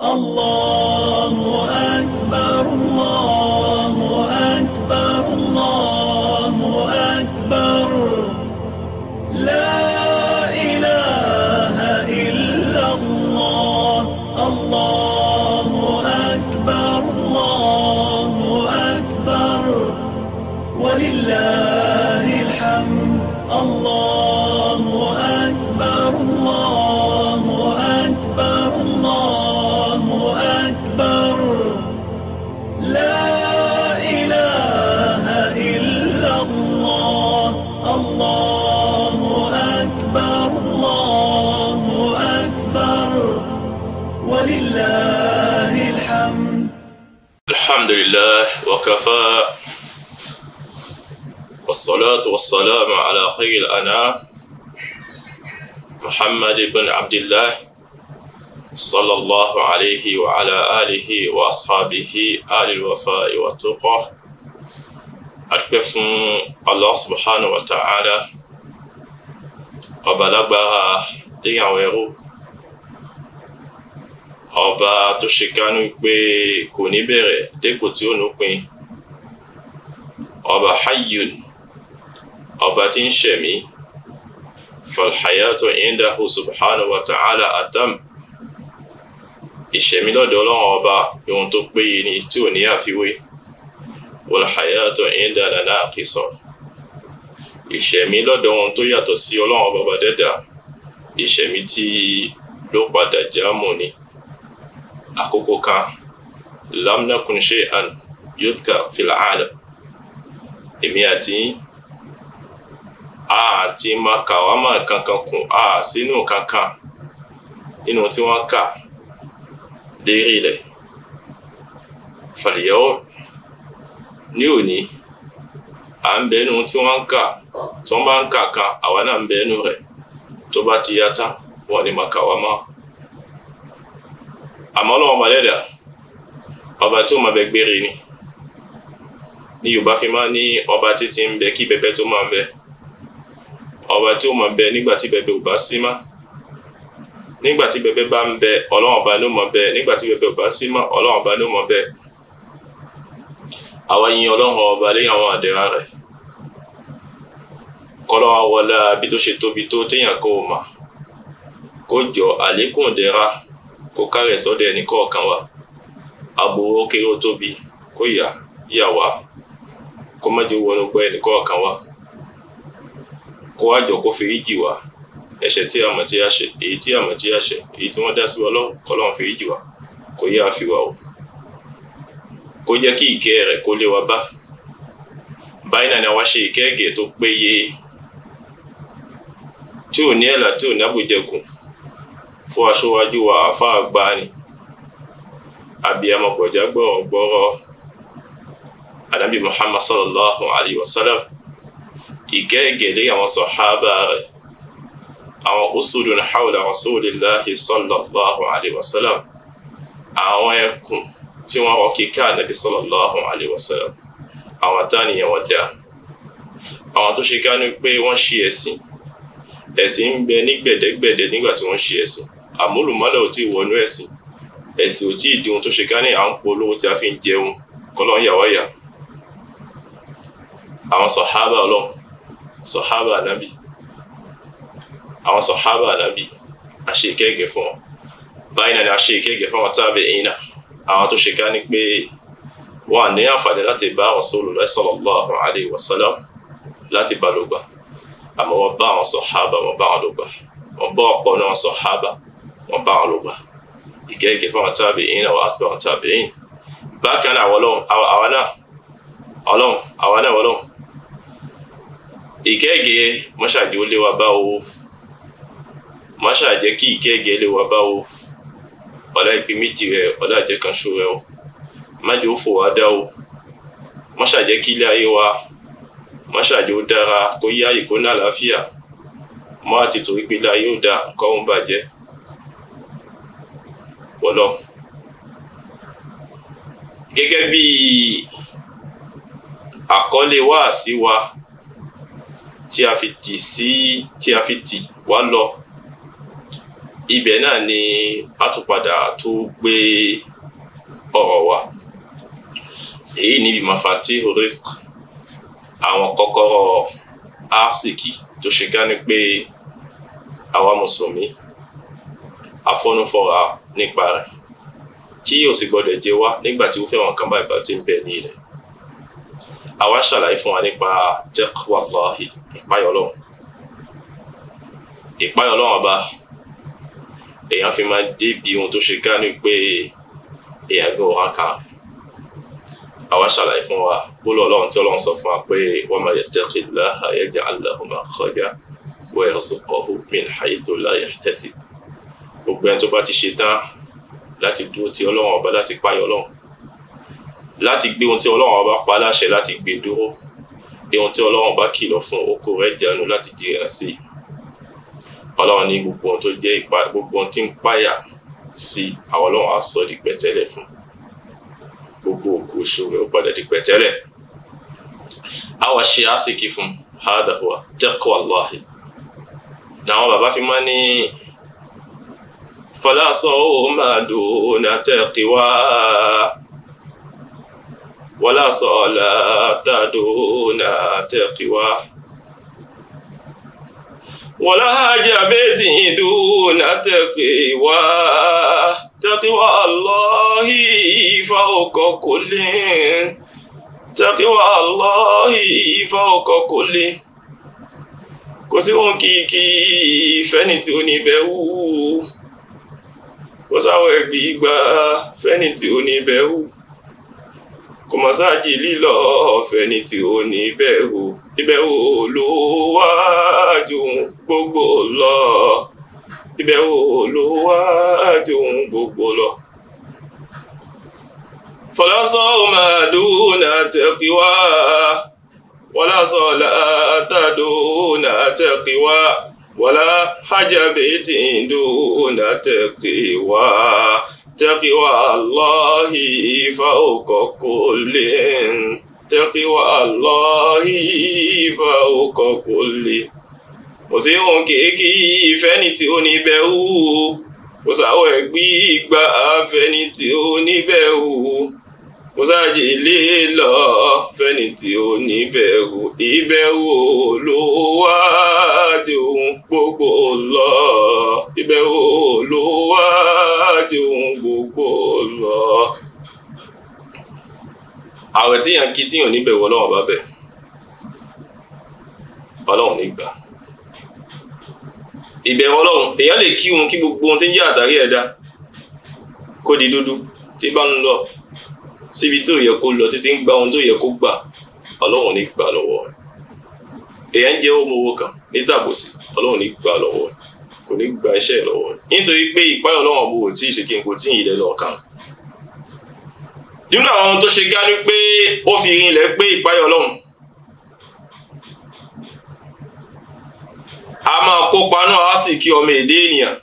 الله أكبر وكفى والصلاة والسلام على خير الأنام محمد بن عبد الله صلى الله عليه وعلى آله وأصحابه آل الوفاء والتقى أتكف الله سبحانه وتعالى وبلغ ليعويرو ọba tó ṣe kánú pé kò ní bẹ̀rẹ̀ dépò tí ó nùpin ọba hayyun ọba tí ń ṣẹ̀mí falhayatu indahu subhanahu wa ta'ala atam ìṣẹ̀mí lọ́dọ̀ ọlọ́run ọba ohun tó péye ni tí ò ní àfiwé walhayatu indana naqisa ìṣẹ̀mí lọ́dọ̀ ohun tó yàtọ̀ sí ọlọ́run ọba bá dẹ́dà ìṣẹ̀mí tí ló padà jámù ni àkókò kan lam nakun shay'an yudhkar fil èmi àti a ti máa kà wá kankan kùn a sínú kankan nínú tí wọn kà lérí ilẹ̀ fàlìyàwó ní òní à ń tí wọn kà tí bá ń kà kan àwa náà ń rẹ̀ tó bá ti yá tán wọ́n ma máa kà wá ni. ni Yorùbá fi máa ní ọba títí ń bẹ kí bẹbẹ tó máa bẹ ọba tí ó máa bẹ nígbà tí bẹbẹ ò bá sí mọ́ nígbà tí bẹbẹ bá ń bẹ Ọlọ́run ọba ló máa bẹ nígbà tí bẹbẹ ò bá sí mọ́ Ọlọ́run ọba ló máa bẹ àwa yin Ọlọ́run ọba lẹ́yìn àwọn àdéhà rẹ̀ kọ́lọ́ wọlé bí tó ṣe tóbi tó téèyàn kó o mà kó jọ àlékún ìdẹ̀ra kó kárẹ̀ sọ́dọ̀ ẹnì kọ̀ọ̀kan wa àbò ó kéré ó tóbi kó yà yà wá kó má jẹ́ wọnú pẹ́ ẹnìkọ̀ọ̀kan wa kó wá jọ kó fèrè jì wá ẹ̀ṣẹ̀ tí a mọ̀ tí a ṣe èyí tí a mọ̀ tí a ṣe èyí tí wọ́n dá sí wa lọ́wọ́ kọ́lọ́run fèrè jì wá kó yá fi wá o kó jẹ́ kí ìkẹ́ rẹ̀ kó lé wa bá báyìí náà ni àwa ṣe ìkẹ́gẹ̀ẹ́ tó péye tí ò ní ẹ̀là tí ò ní àbòjẹkùn fún aṣọwájú wa àáfàá gbani àbí amọ̀pọ̀já gbọ́ ọ̀gbọ́rọ̀ anabi muhammad sallallahu alayhi wa sallam ìgẹ́gẹ̀lé àwọn sọ̀hábà rẹ̀ àwọn usudun hawla rasulillahi sallallahu alayhi wa sallam àwọn ẹkùn tí wọ́n rọ kíkà anabi sallallahu alayhi wa sallam àwọn àtàníyàn wọ́n dáa àwọn tó ṣe ká pé wọ́n ṣe ẹ̀sìn ẹ̀sìn ń bẹ ní gbẹ̀dẹ́gbẹ̀dẹ́ nígbà tí wọ́n ṣe ẹ̀sìn àmúlùmọ́lẹ̀ ò tí ì wọnú ẹ̀sìn ẹ̀sìn ò tí ì di tó ṣe ká à ń polówó tí a fi ń jẹun kọ́lọ́ ń yà àwọn sọ̀hábà ọlọ́run sọ̀hábà ànábì àwọn sọ̀hábà ànábì a ṣe ìkẹ́gẹ́ fún wọn báyìí náà ni a ṣe ìkẹ́gẹ́ fún àwọn tábìín náà àwọn tó ṣe ká ní pé wọ́n ní àǹfààní láti bá Rasulullah sallallahu alaihi wasallam láti bá lógbà àmọ́ wọ́n bá àwọn sọ̀hábà wọ́n bá wọn lógbà wọ́n bá ọ̀pọ̀ náà sọ̀hábà wọn bá àwọn tábìín bákan náà àwọn náà àwọn náà àwọn ìkẹ́ẹ̀gẹ́ mọ́ṣáàjẹ́ ó lé wa bá o mọ́ṣáàjẹ́ kí ìkẹ́ẹ̀gẹ́ lé wa bá o ọ̀la ìpè méjì rẹ ọ̀la àjẹ́ kan ṣó rẹ o májè ó fò wá dá o mọ́ṣáàjẹ́ kí ilé ayé wa mọ́ṣáàjẹ́ ó dára kó yá ìkó ní àlàáfíà mọ́ àti torí pé ilé ayé ó dáa kọ́run bàjẹ́ pọ̀lọ́ gẹ́gẹ́ bí àkọlé wáàsí wa. Si wa tí a fi tì sí tí a fi tì wá lọ ibẹ̀ náà ni a tún padà tó gbé ọ̀rọ̀ wa èyí níbi mafati risk àwọn kọ́kọ́rọ́ aásìkì tó ṣe ká ni pé àwa mùsùlùmí afọ́nufọ́ra nípa rẹ̀ tí yóò sì gbọ́dọ̀ jẹ wá nígbà tí ó fẹ́ràn kan báyìí bá ti ń bẹ ní ilẹ̀ àwa ṣàlàyé fún wa nípa taqwallahi ìpáyọ̀ ọlọ́run ìpáyọ̀ ọlọ́run ọba èèyàn fi máa débi ohun tó ṣe gánú pé èèyàn gan ọ̀hán kan àwa ṣàlàyé fún wa bólú ọlọ́run tí ọlọ́run sọ fún wa pé wa man yattaqillaha yaj'al lahu makhraja wa yarzuqhu min haythu la yahtasib gbogbo ẹni tó bá ti ṣe tán láti dúró ti ọlọ́run ọba láti páyọ̀ ọlọ́run láti gbé ohun tí ọlọ́run ọba pa láṣẹ láti gbé dúró gbé ohun tí ọlọ́run ọba kìlọ̀ fún oko rẹ̀ jánu láti jìnnà sí i ọlọ́run ní gbogbo ohun tó jẹ́ ìpa gbogbo ohun tí ń páyà sí àwọn ọlọ́run á sọ di pẹ̀tẹ́lẹ̀ fún gbogbo òkú oṣù rẹ̀ ó padà di pẹ̀tẹ́lẹ̀ àwa ṣe àsìkí fún hadahuwa taqwa Allahi làwọn bàbá fi máa ní fọláṣọ òun máa dùn ní àtẹ̀kíwá. ولا صلاة دون تقوى ولا حاجة بيت دون تقوى تقوى الله فوق كل تقوى الله فوق كل kò sí ohun kìkì fẹ́ni tí ó ní bẹ̀wù kò sáwọn ẹ̀gbì gbà fẹ́ni tí ó ní bẹ̀wù kò mà sáàjì lílọ ọ̀fẹ́ ní tí ó ní ìbẹ̀wò ìbẹ̀wò ló wájú gbogbo lọ ìbẹ̀wò ló wájú gbogbo lọ. فلصا ما دون تقوى ولا صلاة دون تقوى ولا حاجة بيت دون تقوى تقوى الله فوق كل تقوى الله فوق كل kò sí ohun kéèkì fẹ́ni tí ó níbẹ̀ wù kò sáwọ́ ẹ̀gbí ìgbà mọ́sáàjì lè lọ fẹ́ni tí ó ní bẹ̀rù ìbẹ̀rù ló wá dé ohun gbogbo lọ ìbẹ̀rù ló wá dé ohun gbogbo lọ. ààrẹ tíyàn kí tíyàn níbẹ̀rù ọlọ́run bá bẹ̀ ọlọ́run nígbà ìbẹ̀rù ọlọ́run èèyàn lè kí ohun kí gbogbo ohun tí ń yí àtàrí ẹ̀dá kó di dúdú tí bá ń lọ síbi tó yẹ kó lọ títí ń gba ohun tó yẹ kó gbà ọlọ́run ní gbà lọ́wọ́ rẹ̀ èèyàn ń jẹ́ ọmọ owó kan ní tàbòsí ọlọ́run ní gbà lọ́wọ́ rẹ̀ kò ní gba iṣẹ́ lọ́wọ́ rẹ̀ nítorí pé ìpáyọ̀ ọlọ́run ọ̀bọ̀ ò tí ì ṣe kí n kò tí ì ilẹ̀ lọ kàn. nínú àwọn tó ṣe gánú pé ó fi rinlẹ̀ pé ìpáyọ̀ ọlọ́run a máa kópa náà á sì kí ọmọ èdè ènìyàn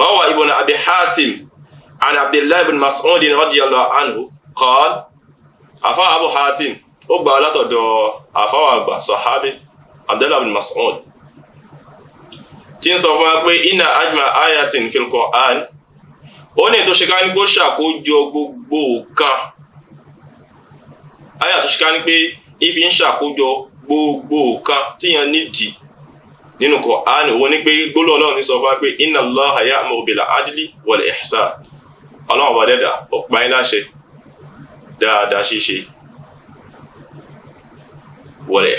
rawa ibn abi hatim an abdullahi ibn mas'ud radiyallahu anhu kọ́ọ́l àfa abu hatim ó gba látọ̀dọ̀ àfa àgbà sọ̀hábì abdullahi bin mas'ud tí ń sọ fún ayatin fil Qur'an ó ní ètò ṣeká ní ṣàkójọ gbogbo kan aya tó ṣeká ní pé ìfi ń ṣàkójọ gbogbo kan tíyan nídìí nínú Qur'an òun ní pé gbólóhùn Ọlọ́run ní sọ fún wa pé ọba dáadáa ṣíṣe wọlé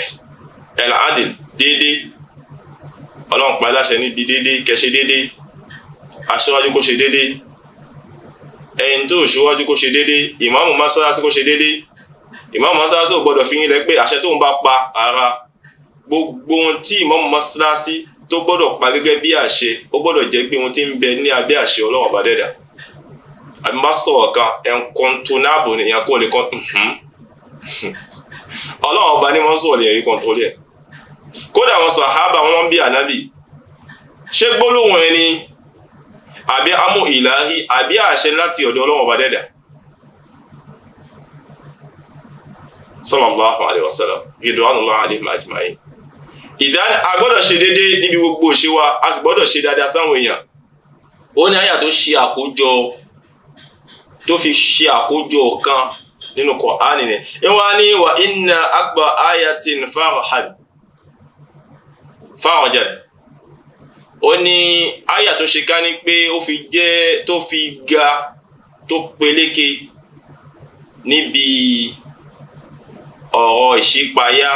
ẹ̀là adìl déédéé ọlọ́run pa láṣẹ níbi déédéé kẹṣe déédéé aṣíwájú kó ṣe déédéé ẹ̀yin tó ṣíwájú kó ṣe déédéé ìmáàmù mọ́sálásí kó ṣe déédéé ìmáàmù mọ́sálásí ò gbọ́dọ̀ fi yín lẹ pé àṣẹ tó ń bá pa ara gbogbo ohun tí ìmáàmù mọ́sálásí tó gbọ́dọ̀ pa gẹ́gẹ́ bí àṣẹ ó gbọ́dọ̀ jẹ́ pé ohun tí ń bẹ ní abẹ́ àṣẹ ọlọ́run ọba dẹ́dàá àbímbásọ̀ọ̀kan ẹ̀ńkọ́ntónáàbò nìyẹn kó lè kọ́ ọlọ́run ọba ní wọ́n sọ ẹ̀rí kan tó rí ẹ̀ sọ àwọn sàhábà wọn bí ànábì ṣé gbólóhùn àbí amú ìlàhí àbí àṣẹ láti ọ̀dọ̀ ọba dẹ́dà ìdáni ṣe déédéé níbi gbogbo òṣèwà a sì gbọ́dọ̀ ṣe dáadáa sáwọn èèyàn ó ní àyà tó ṣe àkójọ tó fi ṣe àkójọ kan nínú Kùránì rẹ̀ ìwọ́n á wà inna akbar ayatin farahan farajan ó ní àyà tó ṣe ká ní pé ó fi jẹ́ tó fi ga tó peléke níbi ọ̀rọ̀ ìṣípayá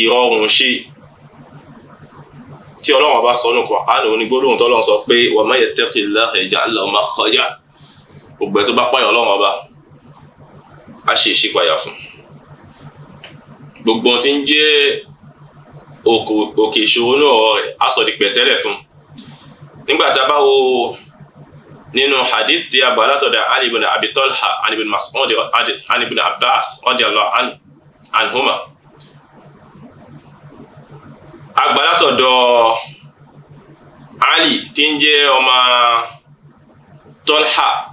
ìrọ̀rùn ṣe tí ọlọ́run bá sọ nù Kùránì onígbólóhùn tọ́lọ́run sọ pé wa man yattaqillaha yaj'al lahu makhraja gbogbo ẹ tó bá pààyàn ọlọ́run ọba á ṣe ìṣípayà fún gbogbo tí ń jẹ́ òkè ìṣòro náà rẹ̀ á sọ di pẹ̀tẹ́lẹ̀ fún nígbà tá a bá wo nínú hadith tí a gbà látọ̀dọ̀ Ali ibn Ali ibn Mas'ud Ali ibn Abbas radiyallahu anhuma a gbà látọ̀dọ̀ Ali tí ń jẹ́ ọmọ Talha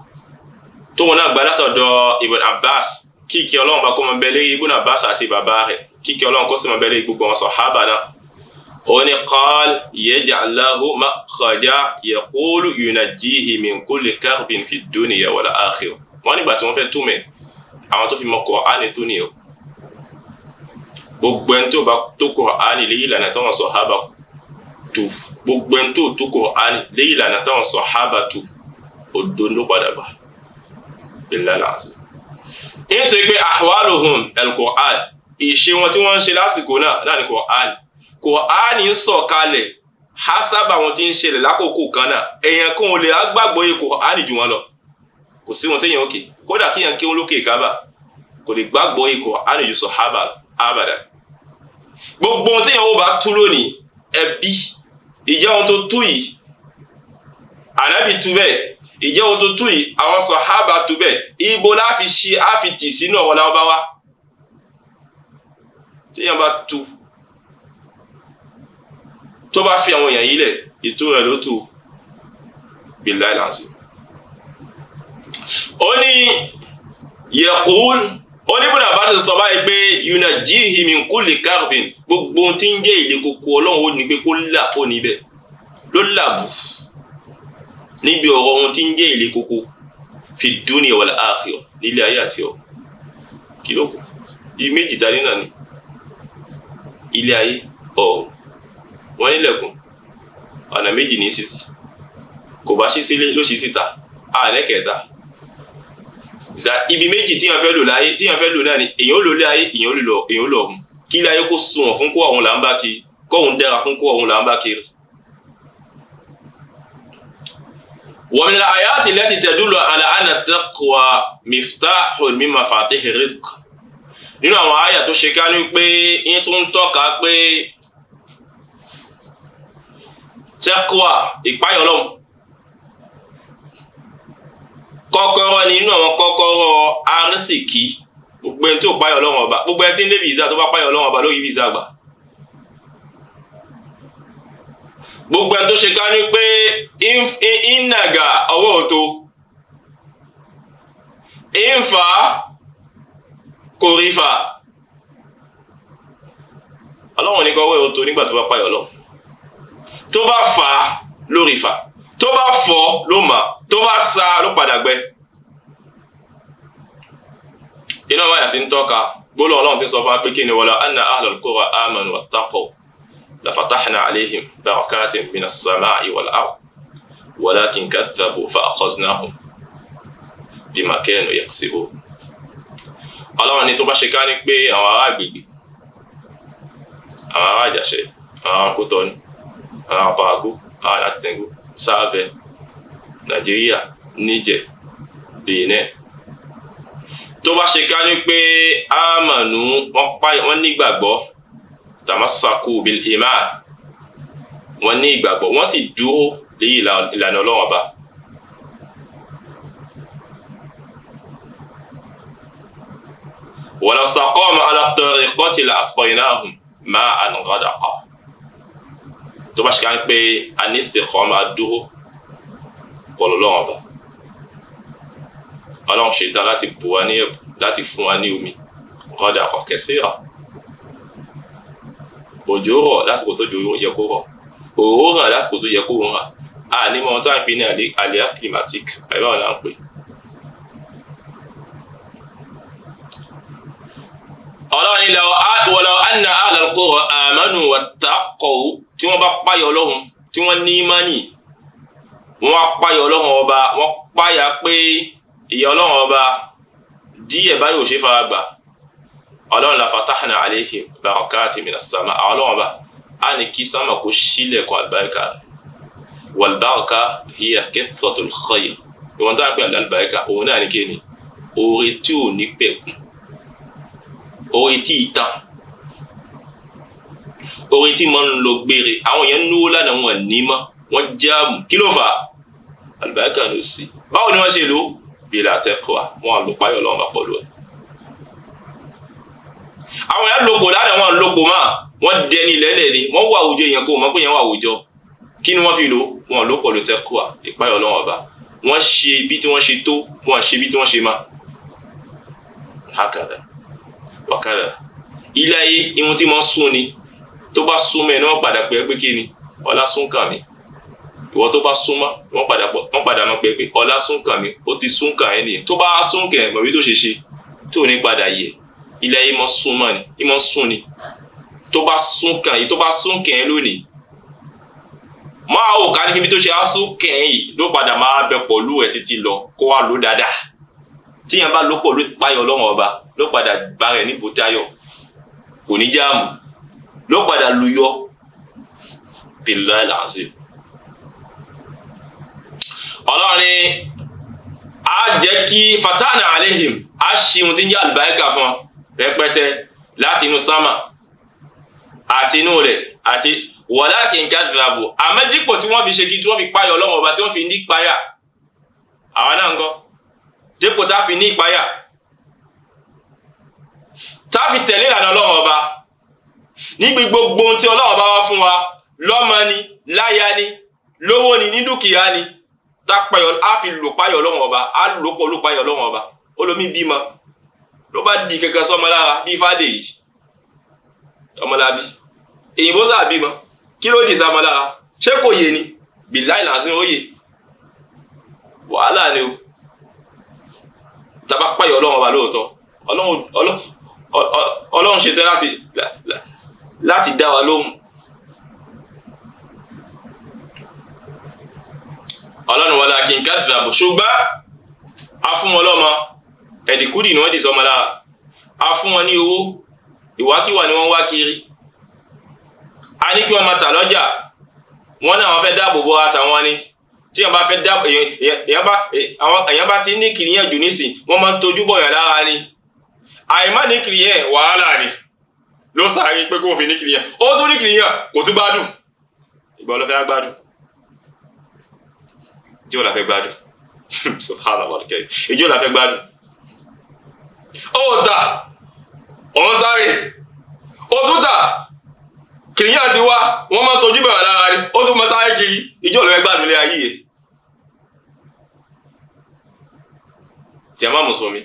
tóun náà gba látọ̀dọ̀ Ibn Abbas kí ìkẹ́ ọlọ́run bá kó mọ bẹ́ẹ̀ lérí Ibn Abbas àti bàbá rẹ̀ kí ìkẹ́ ọlọ́run kó sì mọ bẹ́ẹ̀ lérí gbogbo àwọn sàhábà náà oni qaal yaj'al lahu makhraja yaqulu yunajjihi min kulli karbin fi dunya wal akhirah wọ́n nígbà tí wọ́n fẹ́ túmẹ àwọn tó fi mọ̀ kọránì tó ní o gbogbo ẹni tó bá tó kọránì léyìí ìlànà táwọn sọhábà tó gbogbo ẹni tó tó kọránì léyìí ìlànà táwọn sọhábà tó odò ló padà bá billahi alazim nítorí pé ahwaluhum al-Qur'an ìṣe wọn tí wọ́n ń ṣe lásìkò náà náà ni Qur'an Qur'an ń sọ̀kalẹ̀ hasaba wọn ti ń ṣẹlẹ̀ lákòókò kan náà èèyàn kan ò lè agbàgbọ́ yìí Qur'an jù wọn lọ kò sí wọn téèyàn òkè kódà kéèyàn kí wọn lókè kábà kò lè gbàgbọ́ yìí Qur'an jù sọ̀hábà abàdà gbogbo ohun téèyàn ó bá tú lónìí ẹbí ìjẹun tó tú yìí ànábì ìjẹ́ ohun tuntun yìí àwọn sọ̀hábà tó bẹ̀ ibo la fi ṣe á fi tì sínú ọ̀wọ́ lábáwá téèyàn bá tu tó bá fi àwọn èèyàn yìí lẹ̀ ètò rẹ̀ ló tù bìlá ìlànsì. ó ní yẹ̀kùn ó ní bùnà bá ti sọ báyìí pé yuna jíhì min kulli karbin gbogbo ohun tí ń jẹ́ ìlé koko ọlọ́run ó ní pé kó là kó níbẹ̀ ló làbù níbi ọ̀rọ̀ ohun tí ń jẹ́ ilé koko fi dunya wal akhirah nílé ayé àti ọ̀ kí ló kù ibi méjì ta ní náà ni ilé ayé ọ̀run wọ́n nílẹ̀kùn ọ̀nà méjì ní sísì kò bá ṣí sílé ló ṣí síta ààrẹ kẹta ibi méjì tí yàn fẹ́ lò láyé tí yàn fẹ́ lò náà ni èyàn ò lò lé ayé èyàn ò lò ọ̀hún kí ilé ayé kó sunwọ̀n fún kó ọ̀hún là kiri kó ọ̀hún dára fún kó ọ̀hún là kiri ومن الآيات التي تدل على أن التقوى مفتاح من مفاتيح الرزق nínú àwọn àyà tó ṣe ká ní pé yín tó ń tọ́ka pé tẹ́kùà ìpáyọ̀ lọ́hùn kọ́kọ́rọ́ ni inú àwọn kọ́kọ́rọ́ arísìkí gbogbo ẹni tó páyọ̀ ọba gbogbo ẹni tí ń débi ìzá tó bá páyọ̀ ọba lórí ibi ìzá àgbà gbogbo ẹ tó ṣe ká ní pé ìnàgà ọwọ́ òtó ìnfà kò rí fà ọlọ́run ní kọ́ ọwọ́ òtó nígbà tó bá payọ̀ lọ tó bá fà ló rí fà tó bá fọ́ ló mà tó bá sa ló padà gbẹ iná wáyà ti ń tọ́ka gbólóhùn ọlọ́run ti sọ fún wa ni wala anna ahlul qura amanu wattaqu. لفتحنا عليهم بركات من السماء والأرض ولكن كذبوا فأخذناهم بما كانوا يكسبون ọlọ́run ni tó bá ṣe ká ní pé àwọn ará àgbègbè àwọn ará àjàṣe àwọn akótọ́ni àwọn àpáàkó àwọn alátẹ̀ngó sáfẹ́ nàìjíríà níjẹ̀ bìnẹ́ tó bá ṣe ká ní pé ámànú wọ́n nígbàgbọ́ tamasaku bil ima wọ́n ní ìgbàgbọ́ wọ́n sì dúró lé ìlànà Ọlọ́run ọba. wala saqama ala tariqati la asqaynahum ma'an ghadaqa tó bá ṣe ká ń pé anistiqama dúró pọ̀lọ́ Ọlọ́run ọba Ọlọ́run ṣe tán láti bù wá ní ẹ̀bùn láti fún wa ní omi ghadaqa kaseera òjò rọ̀ lásìkò tó yẹ kó rọ̀ òòró ràn lásìkò tó yẹ kó ràn a ní mọ tá à ń pè ní àlìyá climatic àyè báwo la ń pè. ọlọ́run ilẹ̀ wọlọ́ anna alàkóró àmánù wàtàkọ̀ọ́ tí wọ́n bá páyọ̀ ọlọ́run tí wọ́n ní mánì wọ́n wá páyọ̀ ọlọ́run ọba wọ́n páyà pé ìyà ọlọ́run ọba díẹ̀ báyìí ò ṣe fara gbà ọlọ́run la fatahna aleihim barakati minas sama ọlọ́run ọba a ní kí sámà kó sílẹ̀kùn àlùbáríkà wàlùbáríkà hiya kathratul khayr ìwọ̀n tá à ń pè àlùbáríkà òun náà ní kí ni oore tí ò ní pẹ̀kun oore tí ì tán oore tí mo ń lọ gbére àwọn èèyàn náwó lánàá wọn ní mọ wọn jáàmù kí ló fà á ló sí báwo ni wọn ṣe lò bila taqwa wọn àlùpáyọ lọ́wọ́ bá pọ̀ lọ́wọ́ àwọn èèyàn lóko lára wọn lóko mọ́ wọ́n dẹni lẹ́lẹ̀ ni wọ́n wọ àwùjọ èèyàn kó mọ̀ pé èèyàn wà àwùjọ kí ni wọ́n fi lò wọn ló pọ̀ ló tẹ́ kú à ìpáyọ̀ ọlọ́wọ́n ọba wọ́n ṣe bí tí wọ́n ṣe tó wọ́n ṣe bí tí wọ́n ṣe má hakada wakada ilé ayé ihun tí wọ́n sún ni tó bá sún mẹ́ẹ̀ ni wọ́n padà pẹ́ pé kí ni ọlá sún kàn mí ìwọ tó bá sún mọ́ wọ́n padà wọ́n padà mọ́ pé ọlá sún kàn mí ó ti sún kàn ẹ́ nìyẹn tó bá sún kàn ẹ́ mọ̀ bí tó ṣe ṣe tó ní padà yẹ ilẹ̀ yìí mọ sún mọ́ ni yìí mọ sún ni tó bá sún kàn yìí tó bá sún kàn yìí lónìí máa wò ká ní kíbi tó ṣe á sún kàn yìí ló padà máa bẹ pọ̀lú ẹ̀ títí lọ kó wá lò dáadáa tíyẹn bá lò pọ̀lú páyọ̀ ọlọ́run ọba ló padà bá rẹ̀ níbo táyọ̀ kò ní jáàmù ló padà luyọ bìlá làásì. ọlọ́run ni a jẹ́ kí fatana alehim a ṣe ohun tí ń jẹ́ àlùbáríkà fún wọn rẹpẹtẹ láti inú sámà àti inú rẹ̀ àti walakin kadhabu àmọ́ dípò tí wọ́n fi ṣe kí tí wọ́n fi páyà ọlọ́run ọba tí wọ́n fi ní ìpáyà àwa náà ń kọ́ dípò tá a fi ní ìpáyà tá a fi tẹ̀lé ìlànà ọlọ́run ọba níbi gbogbo ohun tí ọlọ́run ọba wá fún wa lọ́mọ ni láya ni lówó ni ní dúkìá ni tá a fi lò páyà ọlọ́run ọba á lò pọ̀ lò páyà ọlọ́run ọba olómi bímọ ló bá di kankan sọmọ lára bíi fáde yìí ọmọlábí èyìnbó sáà bímọ kí ló dì sámọ lára ṣé kò yé ni bìláì làásìn ó yè wàhálà ni o tàbá pààyàn ọlọ́run ọba lóòótọ́ ọlọ́run ṣetán láti láti dá wa lóhùn ọlọ́run wọlé akínkà dàbò ṣùgbọ́n a fún wọn lọ́mọ ẹ̀dìkúdì ni wọ́n dì sọ́mọ lára a fún wọn ní owó ìwákíwà ni wọ́n wá kiri a ní kí wọ́n máa tà lọ́jà wọ́n náà wọ́n fẹ́ dáàbò bo àtàwọn ni tí èèyàn bá fẹ́ dáàbò èèyàn bá ti ní kìnìyàn jù nísìn wọ́n máa ń tojú bọ̀ yàn lára ni àìmá ní kìnìyàn wàhálà ni ló sáré pé kó fi ní kìnìyàn ó tún ní kìnìyàn kò tún gbádùn ìgbà ọlọ́fẹ́ á gbádùn ìjọ́ làfẹ́ gbádùn ìjọ́ làfẹ́ gbádùn ọ̀dà ọ̀nsáré òtútà kìnìyàn ti wá wọ́n máa wọn ma bẹ̀rẹ̀ lára rí ó tún máa sáré kiri ìjọ lọ́wọ́ gbàdúrà ilé ayé yìí jẹ́mọ́ mùsùlùmí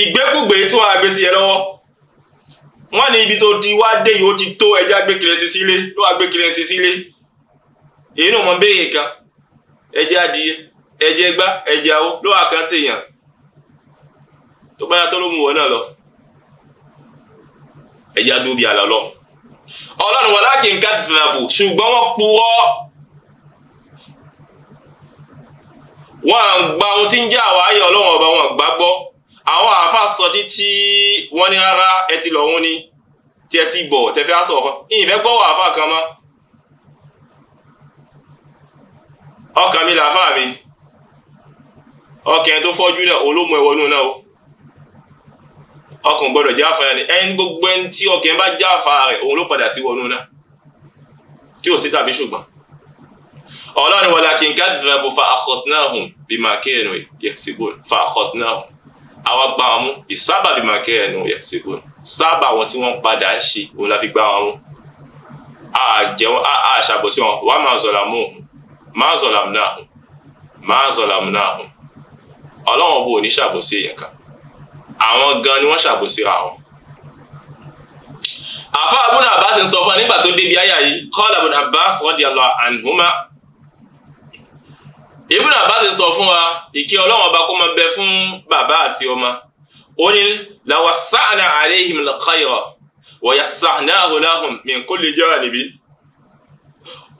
ìgbékùgbé tí wọ́n á sí ibi tó ti wá dé yìí ó ti tó sílé ló sílé èyí mọ̀ béèrè kan adìyẹ gbá ló tó bá yàtọ̀ ló mú wọn náà lọ ẹ̀yà dúbí àlọ́ lọ ọlọ́run wọn láti nǹkan tìlàbù ṣùgbọ́n wọ́n purọ́ wọn à ń gba ohun tí ń jẹ́ àwọn ayé ọlọ́run ọba wọn gbá gbọ́ àwọn àáfà sọ títí wọ́n ní rárá ẹ ti lọ òun ni tí ẹ ti bọ̀ tẹ fẹ́ sọ ọ̀kan ìyìnfẹ́ gbọ́wọ́ àáfà kan mọ́ ọkàn mi làáfà mi ọkàn tó fọ́jú náà olómọ ẹ̀wọ̀nú náà o ọkàn gbọ́dọ̀ jẹ́ àfàyà ni ẹni gbogbo ẹni tí ọkàn bá já àfàyà rẹ̀ òun ló padà ti wọnú náà tí ò sí tàbí ṣùgbọ́n ọlọ́run walakin kadhabu fa akhadhnahum bima kanu yaksibun fa akhadhnahum àwa gba wọn mú ìsábà bima kanu yaksibun sábà wọn tí wọ́n padà ń ṣe òun la fi gba wọn mú àjẹun àṣàbòsí wọn wà máa zalamu máa zalamnahum máa zalamnahum ọlọ́run bò ní ṣàbòsí èèyàn kan àwọn gan ni wọ́n ṣàbòsíra wọn àfa Ibn Abbas ń sọ fún wa nígbà tó débi àyà yìí qala Ibn Abbas radiyallahu anhuma Ibn Abbas sọ fún wa ìkẹ́ Ọlọ́run ọba kó máa bẹ fún bàbá àti ọmọ ó ní lawasa'na alayhim al-khayra wa yassa'nahu lahum min kulli janibi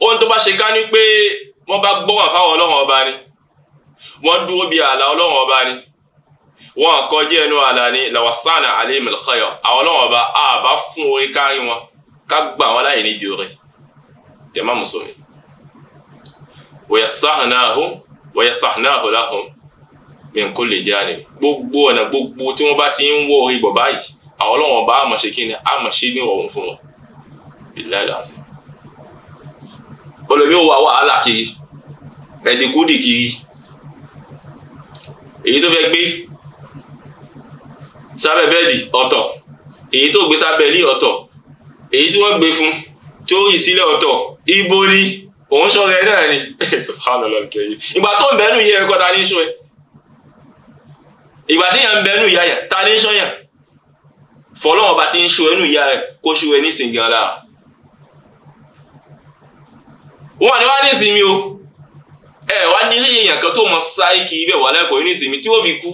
ohun tó bá ṣe ká ní pé wọ́n bá gbọ́ràn fáwọn Ọlọ́run ọba ni wọ́n dúró bí ààlà Ọlọ́run ọba ni wọn kọjá ẹnu àlà ni lawasana alayhim alkhayr àwọn ọlọ́wọ́n ọba a bá fún orí kárí wọn ká gbà wọn láyé níbi orí jàmá mùsùlùmí wayasahnahum wayasahnahu lahum min kulli janib gbogbo ọ̀nà gbogbo tí wọ́n bá ti ń wọ orí bọ̀ báyìí àwọn ọlọ́wọ́n ọba àmọ̀ kí ni àmọ̀ ní ọ̀hún fún wọn billahi alazim olùmí wà wàhálà kiri ẹ̀dínkù dì kiri èyí tó fẹ́ gbé sábẹ́ bẹ́ẹ̀dì ọ̀tọ̀ èyí tó gbé sábẹ́ ní ọ̀tọ̀ èyí tí wọ́n gbé fún tí ó yìí sílẹ̀ ọ̀tọ̀ ibo ni òun sọ rẹ náà ni subhanallah kẹyìn ìgbà tó ń bẹnu yẹ ẹkọ ta ní sọ ẹ ìgbà tí yẹn ń bẹnu ìyá yẹn ta ní sọ yẹn fọlọ́wọ́n bá ti ń sọ ẹnu ìyá rẹ kó sọ ẹ nísìnyí gan la wọn ni wá ní ìsinmi o ẹ wá ní ilé kan tó mọ sáìkì ibẹ̀ wà lẹ́kọ̀ọ́ ní ìsinmi tí ó fi kú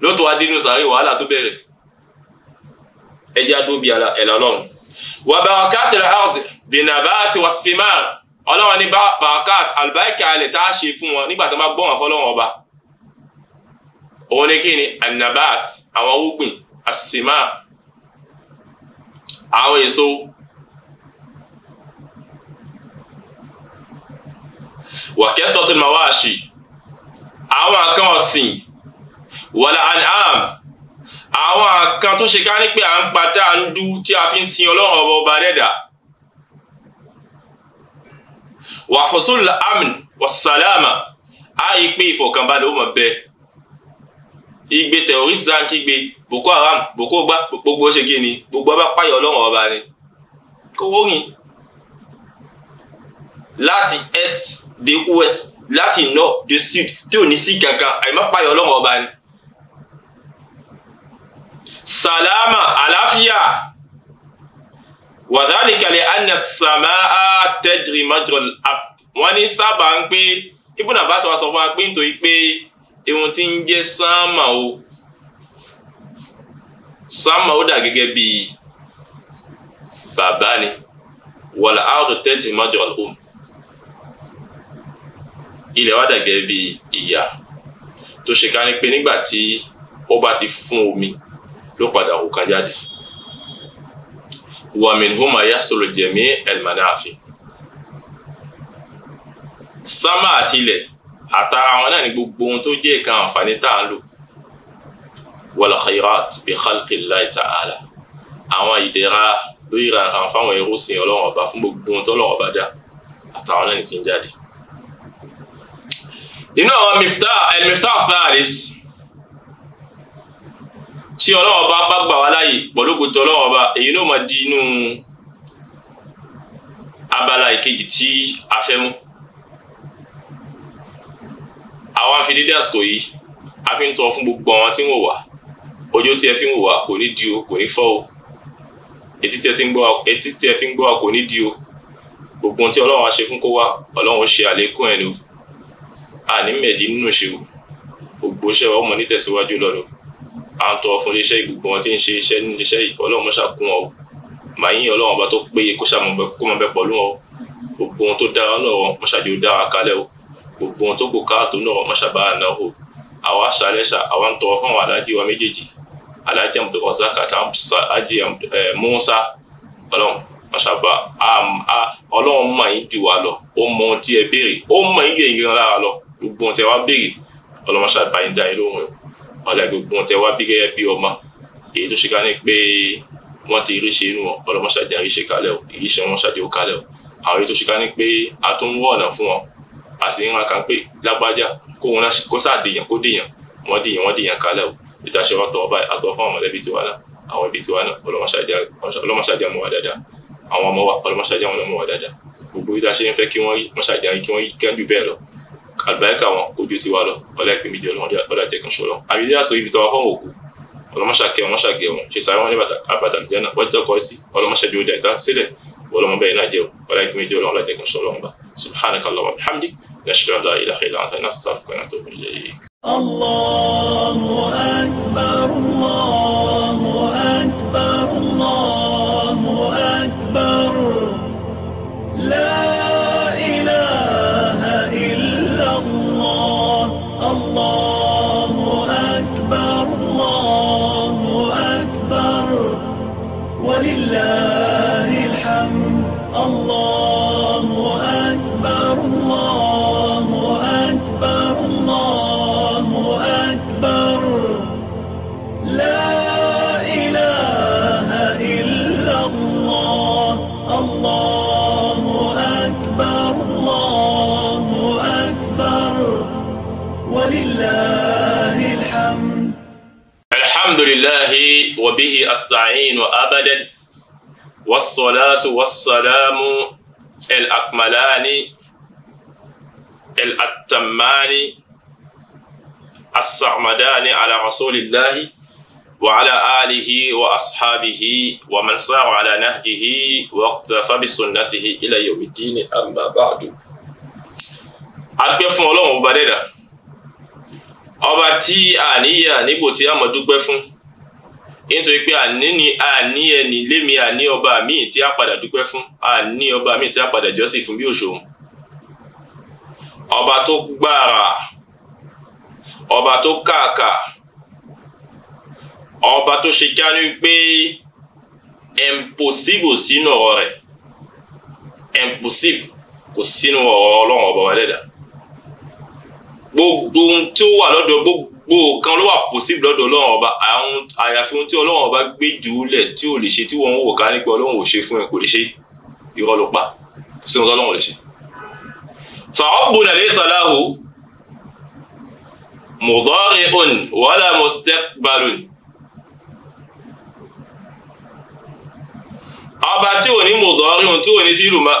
lóòótọ́ wa dínú sàárè wàhálà tó bẹ̀rẹ̀ ẹjẹ́ adóbi ẹ̀là ọlọ́run wà bàrákàtì al-ard bin-nabati wath-thimar ọlọ́run ní bàrákàtì àlùbáríkà alẹ̀ tá a ṣe fún wọn nígbà tó máa gbọ́n wọn fọlọ́run ọba òun ni kí ni an-nabat àwọn irúgbìn as-thimar àwọn èso wa kathratul mawashi àwọn nǹkan ọ̀sìn wàlà an'am àwọn kan tó ṣe ká ní pé à ń patá à ń dú tí a fi ń sin ọlọ́run ọba ọba dẹ́dà wa husul amn wa salama a yí pé ìfọ̀kànbalẹ̀ ó mọ̀ bẹ́ẹ̀ igbe terrorist dáńtí gbé boko haram boko gbá gbogbo ṣe kí ni gbogbo ọba pààyàn ọlọ́run ọba ni kó wórìn láti est dé west láti nord dé sud tí ò ní sí kankan àìmọ́ pààyàn ọlọ́run ọba ni sàlámà àlàáfíà wàdálìkà lè ànà sàmáà tẹ́jìrì májọ àp wọ́n ní sábà ń pé ibùdó àbá sọ fún wa pé nítorí pé ohun tí ń jẹ́ sáàmà o sáàmà ó dà gẹ́gẹ́ bí bàbá ni wàlà áàrùn tẹ́jìrì májọ àlùm um. ilẹ̀ wa dà gẹ́gẹ́ bí ìyá tó ṣe ká ní pé nígbà tí ó bá ti fún omi ló padà hù kan jáde wa minhuma yahsulu jami' al-manafi sámà àti ilẹ̀ àtàrà àwọn náà ní gbogbo ohun tó jẹ́ ìkan àǹfààní tá à ń lò wal khairat bi khalqillahi ta'ala àwọn ìdẹ̀ra lórí ra nǹkan fáwọn ẹrú sin ọlọ́run ọba fún gbogbo ohun tọ́lọ́run ọba dá àtàwọn náà ní ti ń jáde nínú àwọn mifta el mifta faris tí ọlọ́wọ́ bá bá gbà wá láàyè pọ̀lógótó ọlọ́wọ́ bá èyí ló máa di inú abala ìkejì tí a fẹ́ mú àwa fi dédé àsìkò yìí a fi ń tọ́ fún gbogbo àwọn tí ń wò wá ojú tí ẹ fi ń wò wá kò ní di o kò ní fọ́ o etí tí ẹ fi ń gbọ́ wa kò ní di o gbogbo ohun tí ọlọ́run á ṣe fún kó wá ọlọ́run ṣe àlékún ẹ̀ ni àní mẹ̀dí nínú ṣe gbogbo iṣẹ́ ọmọ nítẹ̀síwájú lọ́dún à ń tọrọ fún iléeṣẹ́ gbogbo wọn tí ń ṣe iṣẹ́ ní iléeṣẹ́ yìí ọlọ́run mọ́ṣà kún wọn o màá yín ọlọ́run ọba tó péye kó ṣàmọ̀ kó mọ̀ bẹ́ pọ̀lú wọn o gbogbo ohun tó dára lọ́wọ́ mọ́ṣáájú dára kalẹ̀ o gbogbo ohun tó kù káàtó náà mọ́ṣábà náà o àwa ṣàlẹ́ṣà àwa ń tọrọ fún àwọn aláàjì wa méjèèjì aláàjì àmọ̀tò ọ̀sáka tá àjì Músà ọlọ́run mọ́ṣábà ọlọ́run mọ̀ yín jù wá lọ ó mọ ohun tí ẹ béèrè ó mọ yín yẹ̀yìn lára lọ gbogbo ohun tí ẹ wá béèrè ọlọ́run mọ́ṣábà yín dá yín lóhùn o ọ̀là gbogbo wọn tẹ wá bí gẹ́gẹ́ bí ọmọ èyí tó ṣe ká ní pé wọ́n ti rí ṣe inú wọn àríṣe kalẹ̀ o èyí ṣe wọ́n ṣàdé ó kalẹ̀ o àwọn èyí tó ṣe ká ní pé a tún wọ́ ọ̀nà fún wọn a sì ń ra kan pé lágbájá kó wọn kó sàdéyàn kó déyàn wọ́n déyàn wọ́n déyàn kalẹ̀ o ìtàṣẹ wa tọ̀ báyìí àtọ̀ fún àwọn mọ̀lẹ́bí tiwa náà àwọn ibi tiwa náà ọlọ́mọṣàdé àmọ́ wa dáadáa àwọn ọmọ wa ọlọ́mọṣàdé àwọn ọmọ wa dáadáa gbogbo ìtàṣẹ ń fẹ́ kí wọ́n rí mọ́ṣàdé àrí kí wọ́n rí kẹ́ńdù àlùbáríkà wọn kò ju tiwa lọ ọlá ìpè méjì ọlọ́run ọlá kan ṣọlọ àbílẹ àṣọ ibi tọwọ fọwọn òkú ọlọmọṣàkẹ wọn wọn ṣe sàrẹ wọn ní àbàtà náà wọ́n jọkọ sí ọlọmọṣàdé ó dàgbà sílẹ̀ ọlọmọbẹ yìí lájẹ ọlá ìpè méjì ọlọ́run ọlá kan ṣọlọ ọba subhanakallah wa wa natubu أستعين وأبدا والصلاة والسلام الأكملان الأتمان السعمدان على رسول الله وعلى آله وأصحابه ومن سار على نهجه واقتفى بسنته إلى يوم الدين أما بعد adúpẹ́ fún Ọlọ́run أبتي dẹ́dà ọba tí a níyà nítorí pé àní ni àní ẹni lémi àní ọba míì tí a padà dúpẹ́ fún àní ọba míì tí a padà jọ́sìn fún bí òṣòwò ọba tó gbàrà ọba tó kàkà ọba tó ṣe jáde pé impossible sínú ọ̀rọ̀ rẹ̀ impossible kò sínú ọ̀rọ̀ ọlọ́run ọba wa lẹ́dà gbogbo ohun tó wà lọ́dọ̀ gbogbo gbogbo kan ló wà possible lọ́dọ̀ ọlọ́run ọba àyàfi ohun tí ọlọ́run ọba gbé jù ú lẹ̀ tí ò lè ṣe tí wọ́n ń wò ká nípa ọlọ́run ò ṣe fún ẹ kò lè ṣe irọ́ ló pa sí ohun tí ọlọ́run ò lè ṣe. fàábù nàlẹ́ sàláhù mùdọ́rin òun wàhálà mustaqbalun. ọba tí ò ní mùdọ́rin tí ò ní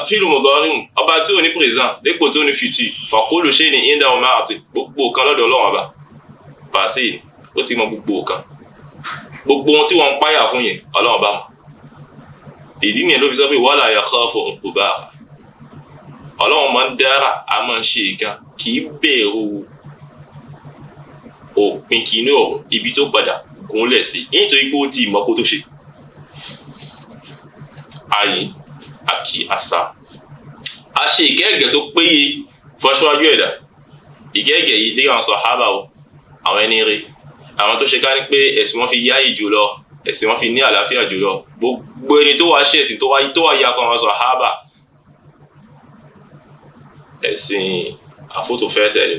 fílù mùdọ́rin ọba tí ò ní présent dépò tí ò ní futur fàkólù ṣe ní ìdá ọmọ àti gbogbo kan lọ́dọ̀ ọlọ́run ọba vaccine ó ti mọ gbogbo kan gbogbo ohun tí wọ́n ń páyà fún yẹn ọlọ́run bá mọ̀ ìdí nìyẹn ló fi sọ pé wala yakhafu uqbaha ọlọ́run máa ń dára a máa ń ṣe nǹkan kì í bẹ̀rù òpin kìíní ọ̀hún ibi tó padà gúnlẹ̀ sí nítorí pé ti ìmọ̀ kó tó ṣe ayé àkì àṣà a ṣe ìkẹ́ẹ̀gẹ̀ tó péye fọṣọ́jú ẹ̀dá ìkẹ́ẹ̀gẹ̀ yìí nígbà wọn sọ o àwọn ẹni rí àwọn tó ṣe ká ní pé ẹ̀sìn wọn fi yáyì jùlọ ẹ̀sìn wọn fi ní àlàáfíà jùlọ gbogbo ẹni tó wá ṣe ẹ̀sìn tó wá tó wá yapa wọn sàhábà ẹ̀sìn àfótòfẹ́ tẹ̀lé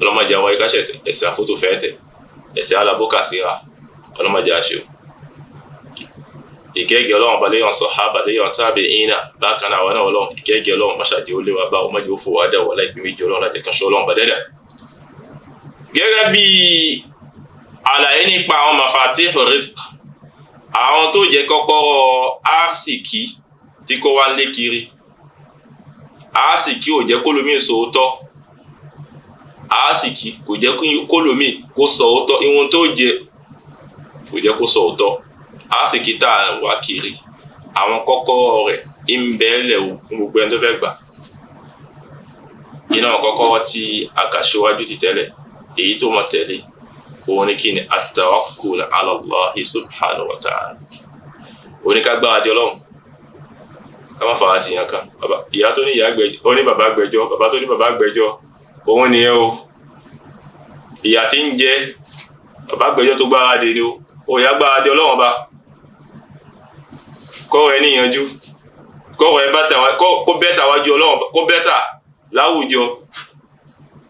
ọlọ́mọdé àwọn ẹ̀ka ṣe ẹ̀sìn àfótòfẹ́ tẹ̀ ẹ̀sìn alábókàsíra ọlọ́mọdé àṣẹ ìkẹ́gẹ́ ọlọ́run balẹ̀ yàn sàhábà léyàn tábì ìnà bákan náà àwọn náà ọlọ́run ìkẹ́gẹ́ ọlọ́run máṣàdé ó léwà bá ọmọdé ó fò wá dẹ̀ wọlé ìgbìmí ìjọ ọlọ́run láti kanṣọ́ ọlọ́run balẹ̀ dẹ̀ gẹ́gẹ́ bí àlàyé nípa àwọn mafatih rizq àwọn tó jẹ́ kọ́kọ́rọ́ arsìkì tí kò wá lé kiri arsìkì ò jẹ́ kólómì sòótọ́ arsìkì kò jẹ́ kólómì kó sòótọ́ ìwọ̀n tó jẹ kò jẹ́ kó sòótọ́ arsìkì tá à wá kiri àwọn kọ́kọ́rọ́ rẹ̀ ń bẹ́ẹ̀lẹ̀ gbogbo ẹni tó fẹ́ gbà iná kọ́kọ́rọ́ tí a kà síwájú ti tẹ́lẹ̀ èyí tó máa tẹ̀lé òun ni kí ni at-tawakkul ala Allahi subhanahu wa ta'ala òun ni ká gbára di ọlọ́run ká má fara tìyàn kan ìyá tó ní ìyá gbẹjọ ó ní bàbá gbẹjọ bàbá tó ní bàbá gbẹjọ òun nìyẹn o ìyá tí ń jẹ bàbá gbẹjọ tó gbára di ni o òyà gbára di ọlọ́run ọba kọ́rọ̀ ẹ níyanjú kọ́rọ̀ ẹ bẹ́tà wájú ọlọ́run kó bẹ́tà láwùjọ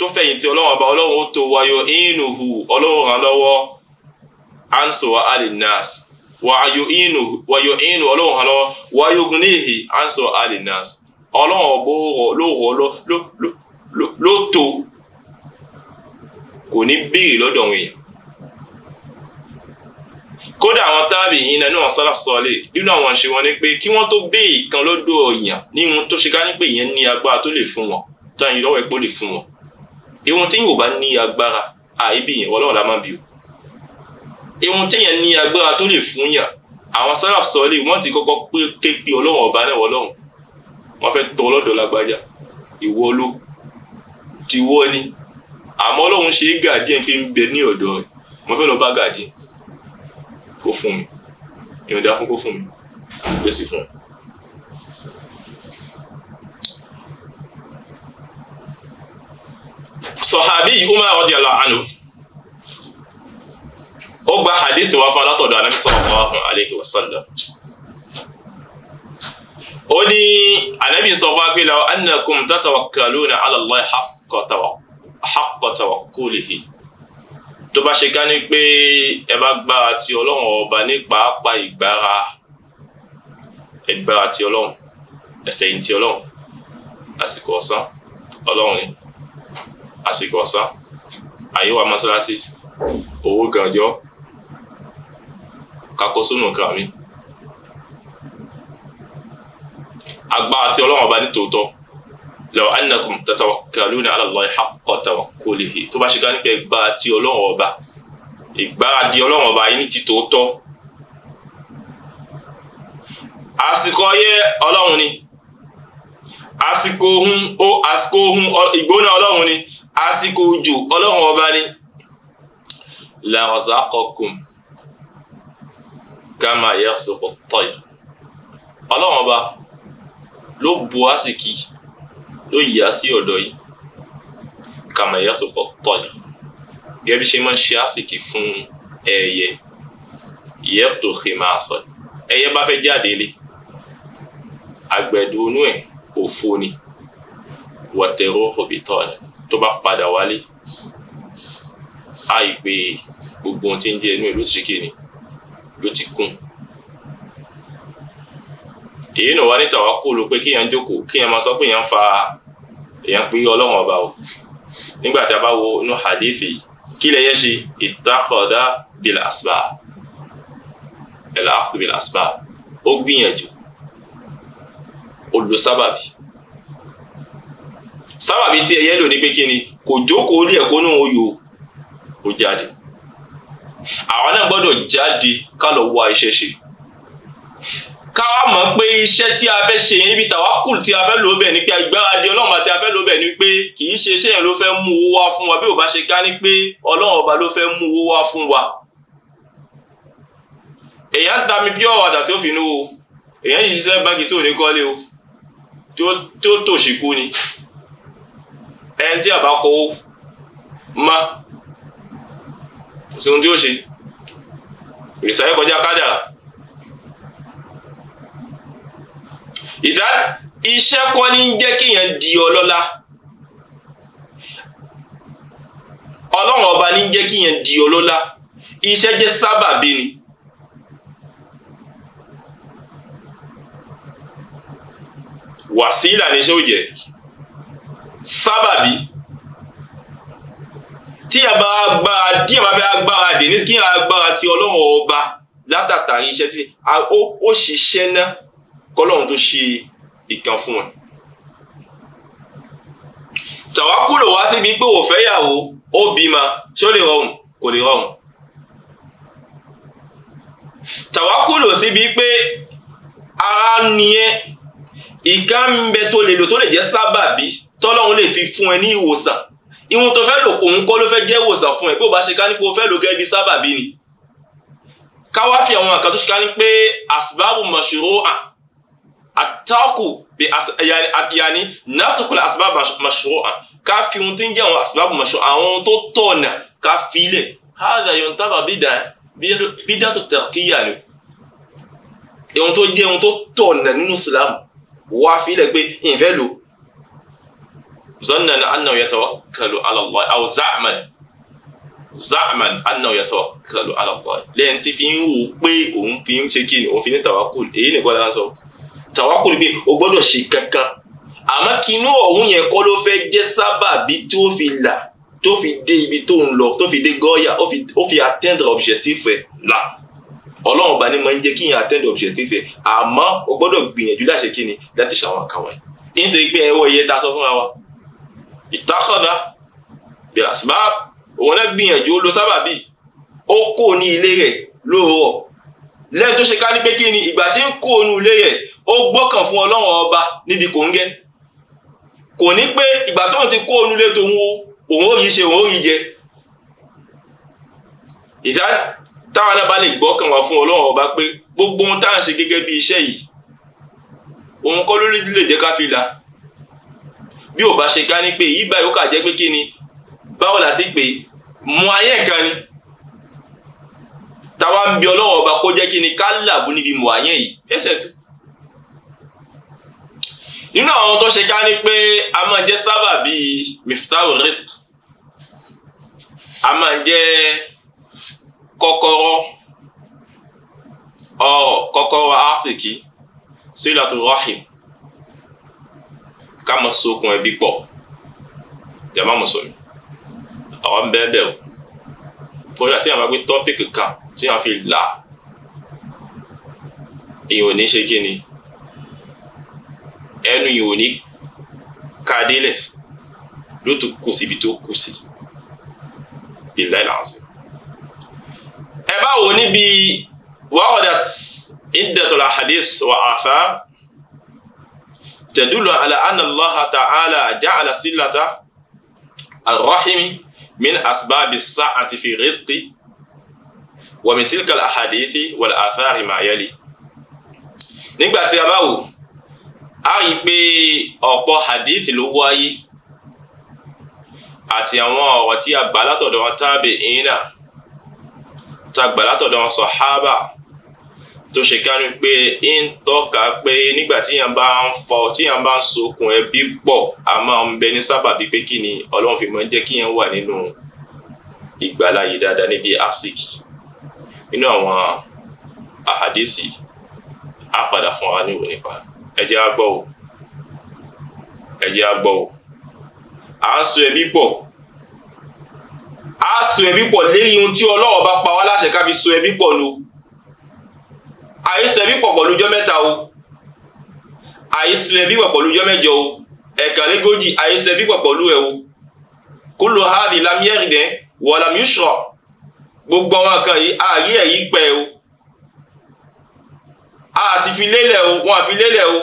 tó fẹ̀yìntì ọlọ́run ọba ọlọ́run ó tó wáyọ ìnùhù ọlọ́run ràn lọ́wọ́ anso alinas wàyọ ìnù wàyọ ìnù ọlọ́run ràn lọ́wọ́ wàyọ gúnìhì anso wa alinas ọlọ́run ọba ló rọ ló tó kò ní bíi lọ́dọ̀ wọn yẹn kódà àwọn táàbì yìí náà ní wọn sálà sọlẹ nínú àwọn àṣẹ wọn ni pé kí wọn tó béè kan lọ́dọ̀ èèyàn ní wọn tó ṣe ká ní pé ìyẹn ní agbára tó lè fún wọn táyìn lọ́wọ́ epo lè fún wọn ìwọ̀n tí yóò bá ní agbára àìbí yẹn ọlọ́run la máa bí o ìwọ̀n tí yẹn ní agbára tó lè fún yàn àwọn sáraf sọlé wọ́n ti kọ́kọ́ pé ké pé ọlọ́run ọba náà ọlọ́run wọ́n fẹ́ tọ́ ọlọ́dọ̀ lágbájá ìwọ ló tiwọ ni àmọ́ ọlọ́run ṣe é gàdíẹ̀ pé ń bẹ ní ọ̀dọ̀ rẹ̀ mo fẹ́ lọ bá gàdíẹ̀ kó fún mi ìyọ̀ǹda fún kó fún mi gbèsè fún mi. sọ̀hábí umar radiyallahu anhu ó gba hadith wa fún alátọ̀dọ̀ anabi sallallahu alayhi wa sallam ó ní anabi sọ fún akpé law annakum tatawakkaluna ala Allahi haqqa tawakkulihi tó bá ṣe ká ní pé ẹ bá gbára ti ọlọ́run ọba ní pàápàá ìgbára ìgbára ti ọlọ́run ẹ̀fẹ̀yìntì ọlọ́run àsìkò ọ̀sán ọlọ́run ni àsìkò ọ̀sán àyè wa mọ́ṣáláṣí owó gànjọ́ kakó sónù kan mi agbára tí ọlọ́run ọba ní tòótọ́ law annakum tatawakkaluna ala Allahi haqqa tawakkulihi tó bá ṣe ká nípa ìgbára tí ọlọ́run ọba ìgbára di ọlọ́run ọba yìí ní ti tòótọ́ àsìkò ọyẹ́ ọlọ́run ni àsìkò ohun ìgbóná ọlọ́run ni àsìkò òjò ọlọ́run ọba ni làwọ̀sá kọkùn kama yasuqu tayr ọlọ́run ọba ló bu àsìkí ló yà sí ọ̀dọ̀ yìí kama yasuqu tayr gẹ́gẹ́ bí ṣe máa ń ṣe àsìkí fún ẹyẹ ìyẹ́ tó máa sọ ẹyẹ bá fẹ́ jáde lé àgbẹ̀dùnú ẹ̀ òfo ni wọ̀tẹ̀rọ̀ òbítọ́ ni tó bá padà wálé àì pé gbogbo ohun tí ń jẹ inú ẹ̀ ló ti kí ni ló ti kún èyí náà wá ní tàwa kó ló pé kéèyàn jókòó kéèyàn máa sọ pé èèyàn fa èèyàn pé ọlọ́run ọba o nígbà tí a bá wo inú hadithi kí lè yẹ ṣe ìtàkọ̀dá bil asbab al akhdh bil ó gbìyànjú ó sábàbí tí ẹyẹ lò ní pé kí ni kò jókòó lé ẹ̀kọ́ náà oyò ó jáde àwa náà gbọ́dọ̀ jáde ká lọ wá iṣẹ́ ṣe ká wá mọ̀ pé iṣẹ́ tí a fẹ́ ṣe yẹn ibi tàwákùl tí a fẹ́ lò bẹ̀ ni pé ìgbáradì ọlọ́run àti a fẹ́ lò bẹ̀ ni pé kì í ṣe iṣẹ́ yẹn ló fẹ́ mú owó wá fún wa bí ò bá ṣe ká ní pé ọlọ́run ọba ló fẹ́ mú owó wá fún wa èyàn ń ta mi bí ọ̀rọ̀ àtà tó fi nú o èyàn yìí ṣiṣẹ́ báńkì tó ní kọ́lé o tó tòṣì kú ni ẹni tí àbá kó má kò sí ohun tí ó ṣe ìrìsàyẹ kọjá kádà ìdá iṣẹ́ kọ́ ní jẹ́ kéèyàn di ọlọ́lá ọlọ́run ọba ní jẹ́ kéèyàn di ọlọ́lá iṣẹ́ jẹ́ sábàbí ni. wàsílà ni iṣẹ́ ò sábàbí tí a bá agbára tí a bá fẹ́ agbára dè ní kí a agbára ti ọlọ́run ọba látàtà iṣẹ́ tí ó ṣiṣẹ́ ná kọlọ́run tó ṣe ìkan fún ẹ. tàwa kúrò wá síbi pé òfẹ́ yàwó ó bímọ ṣé ó lè rọrùn kò lè rọrùn. tàwa kúrò síbi pé ara nìyẹn ìkan ń bẹ tó lè lò tó lè jẹ́ sábàbí tọ́lọ́run lè fi fún ẹ ní ìwòsàn ìwọ̀n tó fẹ́ lò òun kọ́ ló fẹ́ jẹ́ ìwòsàn fún ẹ bí ó bá ṣe ká ní pé o fẹ́ lò gẹ́gẹ́ bí sábàbí ni káwá fi àwọn nǹkan tó ṣe ká ní pé àsìbáàbù mọ̀ṣúró à àtàkù bí yanni nàtòkùlà àsìbáàbù mọ̀ṣúró à ká fi ohun tí ń jẹ́ àwọn àsìbáàbù mọ̀ṣúró àwọn ohun tó tọ̀nà ká fi ilẹ̀ hádà yóò ń tábà bídà tó tẹ̀kíyà lò ohun tó jẹ́ ohun tó tọ̀nà nínú ìsìlámù wá fi ilẹ̀ pé ìfẹ́ lò zannan annahu yatawakkalu ala Allah aw za'man za'man annahu yatawakkalu ala Allah lẹ́yìn tí fi ń wù pé òun fi ń ṣe kíni òun fi ní tawakul èyí nìkan la ń sọ tawakul bí o gbọ́dọ̀ ṣe kankan àmọ́ kinú ọ̀hún yẹn kọ́ ló fẹ́ jẹ́ sábàbí tó fi là tó fi dé ibi tó ń lọ tó fi dé gọ́ọ̀yà ó fi atteindre objectif rẹ̀ là ọlọ́run ọba ni mo ń jẹ́ kí n atteindre objectif rẹ̀ àmọ́ o gbọ́dọ̀ gbìyànjú láṣẹ kíni láti ṣàwọn àkàwọ̀n yìí nítorí pé ẹwọ́ iye ta sọ fúnra wa ìtàkọ̀dá bìlàsíbà òun náà gbìyànjú ló sábàbí ó kó ní ilé rẹ̀ lóòrọ̀ lẹ́yìn tó ṣe ká ní pé kí ni ìgbà tí ń kó onú ilé rẹ̀ ó gbọ́kàn fún ọlọ́run ọba níbi kòńgẹ́ kò ní pé ìgbà tóun ti kó onú ilé tòun òun ó yìí ṣe òun ó yìí jẹ ìdá táwọn náà bá lè gbọ́kàn wá fún ọlọ́run ọba pé gbogbo ohun táwọn ṣe gẹ́gẹ́ bí iṣẹ́ yìí òun kọ́ ló lè jẹ́ ká fi là bí ò bá ṣe ká ní pé yìí báyìí ó kà jẹ́ pé kí ni báwo la ti pè mú ayé kan ni táwa ń bi ọlọ́wọ́ ọba kó jẹ́ kí ni ká làbú níbi mú ayé yìí ẹsẹ̀ tó. nínú àwọn tó ṣe ká ní pé a máa jẹ́ sábà bíi miftahu risk a máa jẹ́ kọ́kọ́rọ́ ọ̀rọ̀ kọ́kọ́rọ́ aásìkí sílátù rahim kama má sokùn ẹbí pọ̀ jàmbá mùsùlùmí àwọn bẹ́ẹ̀ bẹ́ẹ̀ o kódà tí àwọn bá gbé tọ́pìkì kan tí àwọn fi là èyí ò ní ṣe kí ni ẹnu yìí ò ní ká délẹ̀ ló tún kù síbi tó kù sí bìlá ìlànà ẹ bá wò níbi wàhùdà ìdẹ̀tọ̀lá hadith wà áfà tẹ̀dúlọ̀ aláàlá ta'ala ja'ala sílata arrahimi min asbabi sa'ati fi rizqi wa min tilka al-ahadithi wal athari ma yali nígbà tí a bá wò a rí pé ọ̀pọ̀ hadithi ló wáyé àti àwọn ọ̀rọ̀ tí a gbà látọ̀dọ̀ wọn tábìínà tá a gbà látọ̀dọ̀ wọn sàhábà tó ṣe ká ní pé ń tọ́ka pé nígbà tíyàn bá ń fọ tíyàn bá ń sokùn ẹbí pọ̀ a máa ń bẹ ní sábàbí pé kí ni ọlọ́run fi máa ń jẹ́ kíyàn wà nínú ìgbàláyè dáadáa níbi asiki nínú àwọn àhàdísì á padà fún wa níwò nípa ẹ jẹ́ á gbọ́ o ẹ jẹ́ á gbọ́ o à ń so ẹbí pọ̀ à ń so ẹbí pọ̀ lẹ́yìn ohun tí ọlọ́run bá pa wá láṣẹ ká fi so ẹbí pọ̀ ni o àìsàn ẹbí pọ̀ pẹ̀lú ọjọ́ mẹ́ta o àìsàn ẹbí pọ̀ pẹ̀lú ọjọ́ mẹ́jọ o ẹ̀kànlélógójì àìsàn ẹbí pọ̀ pẹ̀lú ẹ̀ o kúlò hàdì lamíẹ̀rìndẹ́ wọ̀làmíṣọ̀ gbogbo àwọn kan yìí ààyè ẹ̀yí pẹ́ o a sì fi lélẹ̀ o wọn àfi lélẹ̀ o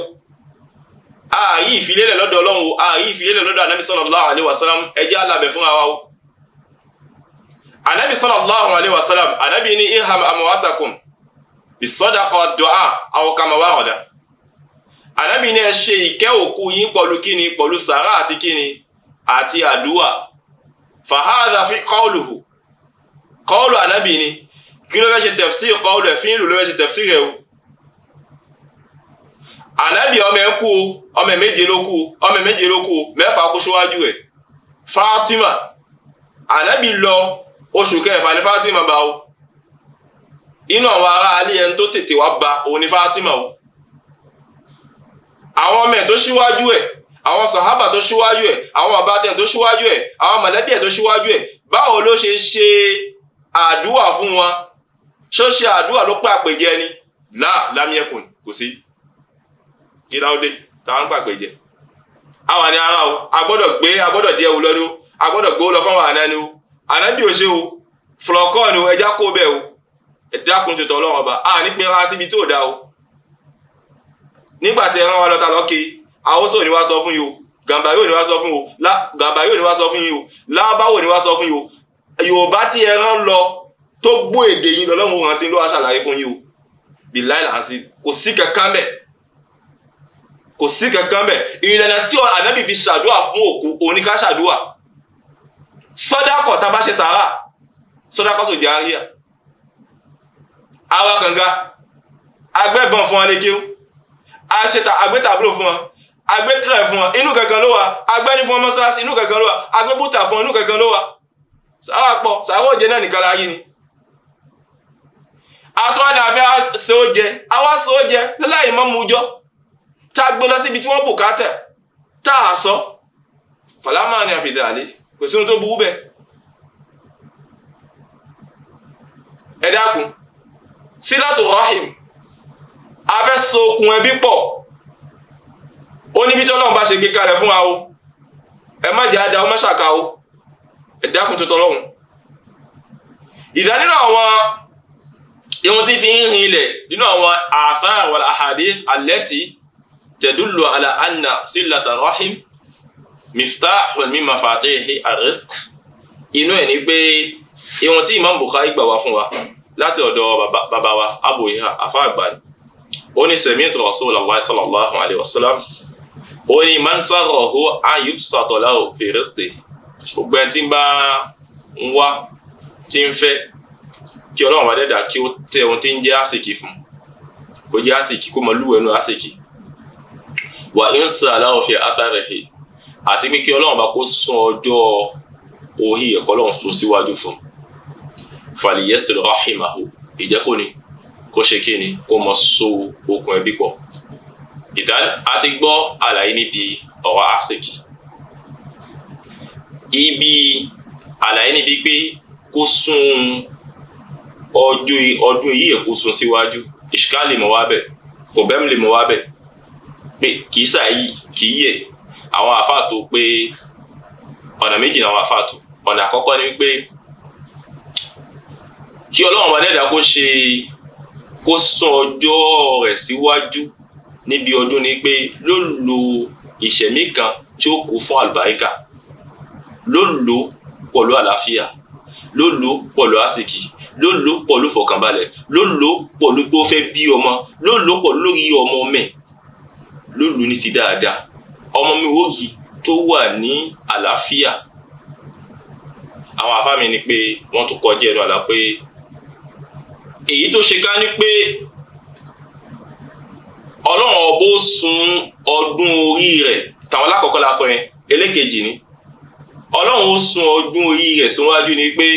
ààyè ìfilélẹ̀ lọ́dọ̀ ọlọ́run o ààyè ìfilélẹ̀ lọ́dọ̀ anábì sallallahu alaihi wasallam ẹjẹ́ alábẹ̀ fúnra wa o anábì sallallahu alaihi wasallam anábì ní iham amwatakum ìsọdàkọ dọ́à àwọn kàmá wà ọ̀dà ànábì ni ẹ ṣe ìkẹ́ òkú yín pọ̀lú kíni pọ̀lú sàárà àti kíni àti àdúà fàhádà fi kọ́ọ̀lù kọ́ọ̀lù ànábì ni kí ló fẹ́ ṣe tafsir kọ́ọ̀lù ẹ̀ fi ń lò ló fẹ́ ṣe tafsir rẹ̀ o ànábì ọmọ ẹ̀ kú o ọmọ méje ló kú o ọmọ méje ló kú o mẹ́fà kú síwájú rẹ̀ Fatima ànábì lọ oṣù kẹfà Fatima bá inú àwọn ará alẹ́ ẹni tó tètè wá ba òun ni Fatima o àwọn ọmọ ẹ̀ tó ṣíwájú ẹ̀ àwọn sàhábà tó ṣíwájú ẹ̀ àwọn àbátẹ̀ tó ṣíwájú ẹ̀ àwọn mọ̀lẹ́bí ẹ̀ tó ṣíwájú ẹ̀ báwo ló ṣe ṣe àdúrà fún wọn ṣó ṣe àdúrà ló pé àpèjẹ ni là lámìẹkùn kò sí kí láwọlé táwọn ń pàpèjẹ àwọn ni ara o a gbé a gbọ́dọ̀ díẹ̀ wò lọ́nu a gbọ́dọ̀ gbé ó lọ fáwọn àná ni o àná bí o ṣe o fúlọkọ ni o ẹja kó bẹ́ẹ̀ o ẹ dákun tó tọ́ ọlọ́run ọba a ní pé rán síbi tó dáa o nígbà tí ẹ rán wa lọ́ta lọ́kè àwòsàn ni wàá sọ fún yìí o gàmbá yóò ní wàá sọ fún yìí o gàmbá yóò ní wàá sọ fún yìí o lábáwò ní wàá sọ fún yìí o yorùbá tí ẹ rán lọ tó gbọ́ èdè yìí lọ́lọ́run rán sí ló wàá ṣàlàyé fún yìí o bìláì là ń sí kò sí kankan bẹ́ẹ̀ kò sí kankan bẹ́ẹ̀ ìlànà tí ànábì fi ṣàdúrà fún òkú oníkà ṣàdúrà sọ́dákọ̀ bá ṣe sàárà sọ́dákọ̀ tó jẹ́ àríyá àwa kànga agbẹ́bọn fún wọn lékeu aṣeta agbẹ́tàbúrò fún wọn agbẹ́tẹ̀rẹ̀ fún wọn inú kankan ló wà agbẹ́ni fún wọn mọ́ṣáláṣí inú kankan ló wà agbẹ́bùtà fún wọn inú kankan ló wà sáwà pọ̀ sáwà òjé náà nìkan láyé ni atọ́ni afẹ́ ṣe oúnjẹ àwa ṣe oúnjẹ lọ́láyìí mọ́ mu jọ tá a gbé lọ síbi tí wọ́n bù kátẹ̀ tá a sọ fàlámà ni àfìdá àlè kò sí ohun tó burú bẹ́ẹ̀ ẹ dákun sílátù rahim a fẹ́ so okùn ẹbí pọ̀ ó níbi tí ọlọ́run bá ṣe gbé kalẹ̀ fún wa o ẹ má jẹ́ àdá ọ má ṣàkà o ẹ dákun tó tọlọ́run ìdá nínú àwọn ìwọ̀n tí fi ń hin ilẹ̀ nínú àwọn àfáà wal ahadith allati tadullu ala anna sílátù rahim miftahun min mafatihi inú ẹ̀ ní pé ìwọ̀n tí Imam Bukhari gbà wá fún wa. láti ọ̀dọ̀ bàbá wa Abu Iha afa ni ó ní sami'tu Rasulullah sallallahu alayhi wa sallam ó ní man sarrahu an yubsata lahu fi rizqihi gbogbo ẹni tí ń bá ń wá tí ń fẹ́ kí ọlọ́run dẹ́dà kí ó tẹ ohun tí ń jẹ́ àsìkì fún kó jẹ́ àsìkì kó mọ wà ń sà láwọn fi àtàrẹ̀ hì àti pé kí ọlọ́run faliyẹsìrì rahimahu ìjẹ́kò ni kó ṣe kí ni kó mọ so okùn ẹbí pọ̀ ìdáni a ti gbọ́ àlàyé níbi ọ̀rọ̀ àṣekì ibi àlàyé níbi pé kó sún ọjọ́ ọdún yìí èkó sún síwájú ìṣkáàlì mọ́ wá bẹ̀ kò bẹ́ẹ̀ lè mọ́ wá bẹ̀ pé kì í sàyí kì í yẹ àwọn àfáàtò pé ọ̀nà méjì làwọn àfáàtò ọ̀nà àkọ́kọ́ ni wípé kí ọlọ́run bá dẹ́dà kó ṣe kó sún ọjọ́ rẹ̀ síwájú níbi ọdún ni pé ló lo ìṣẹ̀mí kan tí ó kú fún àlùbáríkà ló lo pọ̀lú àlàáfíà ló lo pọ̀lú àsìkì ló lo pọ̀lú fọkànbalẹ̀ ló lo pọ̀lú pé ó fẹ́ bí ọmọ ló pọ̀lú lórí ọmọ mẹ́ ló ní ti dáadáa ọmọ mi wò yìí tó wà ní àlàáfíà àwọn àfáà ni pé wọ́n tún kọjá ẹnu àlá pé èyí tó ṣe ká ní pé ọlọ́run ọbó sun ọdún orí rẹ̀ tàwọn alákọ̀ọ́kọ́ la sọ yẹn ẹlẹ́kejì ni ọlọ́run ó sun ọdún orí rẹ̀ síwájú ni pé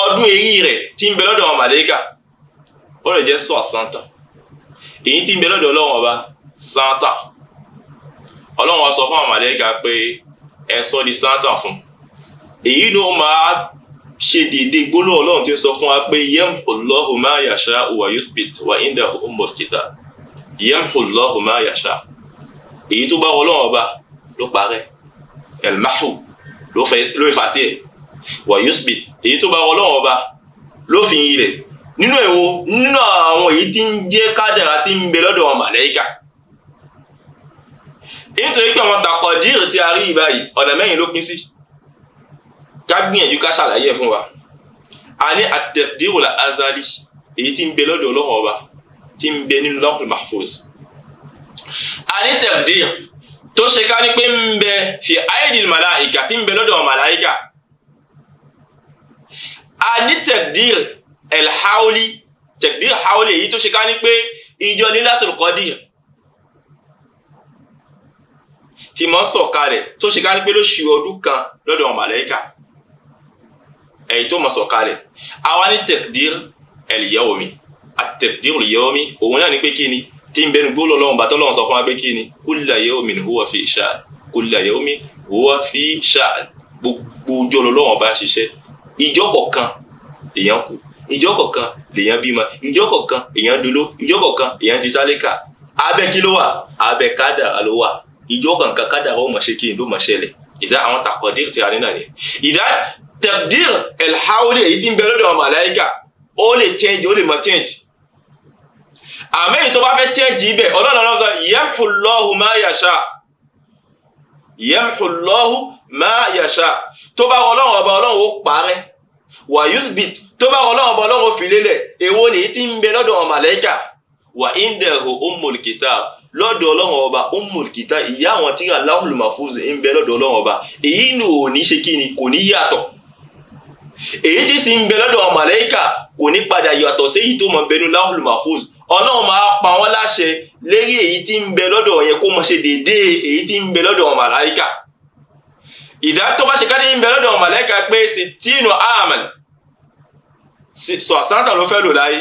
ọdún èyí rẹ̀ tí ń bẹ lọ́dọ̀ àwọn màlẹ́kà ó lè jẹ́ sọ santa èyí tí ń bẹ lọ́dọ̀ ọlọ́run ọba santa ọlọ́run ó sọ fún àwọn màlẹ́kà pé ẹ sọ di santa fún èyí ló máa ṣe déédé gbólóhùn ọlọ́run tí ń sọ fún wa pé yamhu Allahu ma yasha wa yuthbit wa indahu ummul kitab yamhu Allahu ma yasha èyí tó bá wọn ọlọ́run ọba ló parẹ́ elmahu ló fà sí ẹ̀ wa yuthbit èyí tó bá wọn ọlọ́run ọba ló fi yin rẹ̀ nínú èwo nínú àwọn èyí tí ń jẹ́ kádàrá tí ń bẹ lọ́dọ̀ àwọn màlẹ́kà nítorí pé àwọn tàkọ̀dírì tí a rí ìbáyìí ọ̀nà mẹ́rin ló pín sí. Si ká gbìyànjú ká ṣàlàyé ẹ̀ fún wa a ní àtẹ̀déwòlà azali èyí tí ń bẹ lọ́dọ̀ ọlọ́run ọba tí ń bẹ nínú lọ́kùnrin mahfuz a ní tẹ̀dé tó ṣe ká ní pé ń bẹ fi aidil malaika tí ń bẹ lọ́dọ̀ malaika a ní tẹ̀dé elhaoli tẹ̀dé haoli èyí tó ṣe ká ní pé ìjọ ní láti rúkọ́dì tí mọ́ sọ̀kalẹ̀ tó ṣe ká ní pé lóṣù ọdún kan lọ́dọ̀ malaika èyí tó máa sọ̀kalẹ̀ àwa ní tẹ̀kídìr ẹ̀lìyẹ́wòmí àtẹ̀kídìr ẹ̀lìyẹ́wòmí òun náà ní pé kí ni tí n bẹnu gbólọ̀ lọ́wọ́n bàtọ́ lọ́wọ́n sọ fún wa pé kí ni kulla yawmin huwa fi sha'n kulla yawmin huwa fi sha'n gbogbo ọjọ́ lọ́wọ́n bá ṣiṣẹ́ ìjọ́ kọ̀ọ̀kan èèyàn kú ìjọ́ kọ̀ọ̀kan lèèyàn bímọ ìjọ́ kọ̀ọ̀kan èèyàn dolo ìjọ́ kọ̀ọ̀kan èèyàn di tálíkà abẹ́ kí ló wà abẹ́ kádàrá ló wà ìjọ́ kọ̀ọ̀kan kádàrá ó máa ṣe kí ni ló máa ìdá àwọn tàkọ̀dé tí a ní náà ìdá tẹ̀dír ẹ̀lháwọ́lì èyí tí ń bẹ lọ́dọ̀ màláíkà ó lè change ó lè má change àmọ́ èyí tó bá fẹ́ change ibẹ̀ ọlọ́run náà sọ yẹ́pùlọ́hù má yàṣà yẹ́pùlọ́hù má yàṣà tó bá ọlọ́run ọba ọlọ́run ó parẹ́ wà yuthbit tó bá ọlọ́run ọba ọlọ́run ó fi lélẹ̀ èwo ni èyí tí ń bẹ lọ́dọ̀ màláíkà wà indahu ummul kitab lọ́dọ̀ ọba umul ìyá àwọn tí aláhùlùmáfúùsì ń bẹ lọ́dọ̀ ọlọ́run ọba èyí ni ò ní ṣe kí ni kò ní yàtọ̀ èyí tí sì ń bẹ lọ́dọ̀ àwọn màlẹ́kà kò ní padà yàtọ̀ sí èyí tó mọ̀ bẹnu láhùlù mahfuz ọlọ́run máa pa wọ́n láṣẹ lérí èyí tí ń bẹ lọ́dọ̀ yẹn kó mọ̀ ṣe déédéé èyí tí ń bẹ lọ́dọ̀ àwọn màlẹ́kà ìdá tó bá ṣe ká ní ń bẹ lọ́dọ̀ àwọn màlẹ́kà pé sitinu amen sọ santa ló fẹ́ lò láyé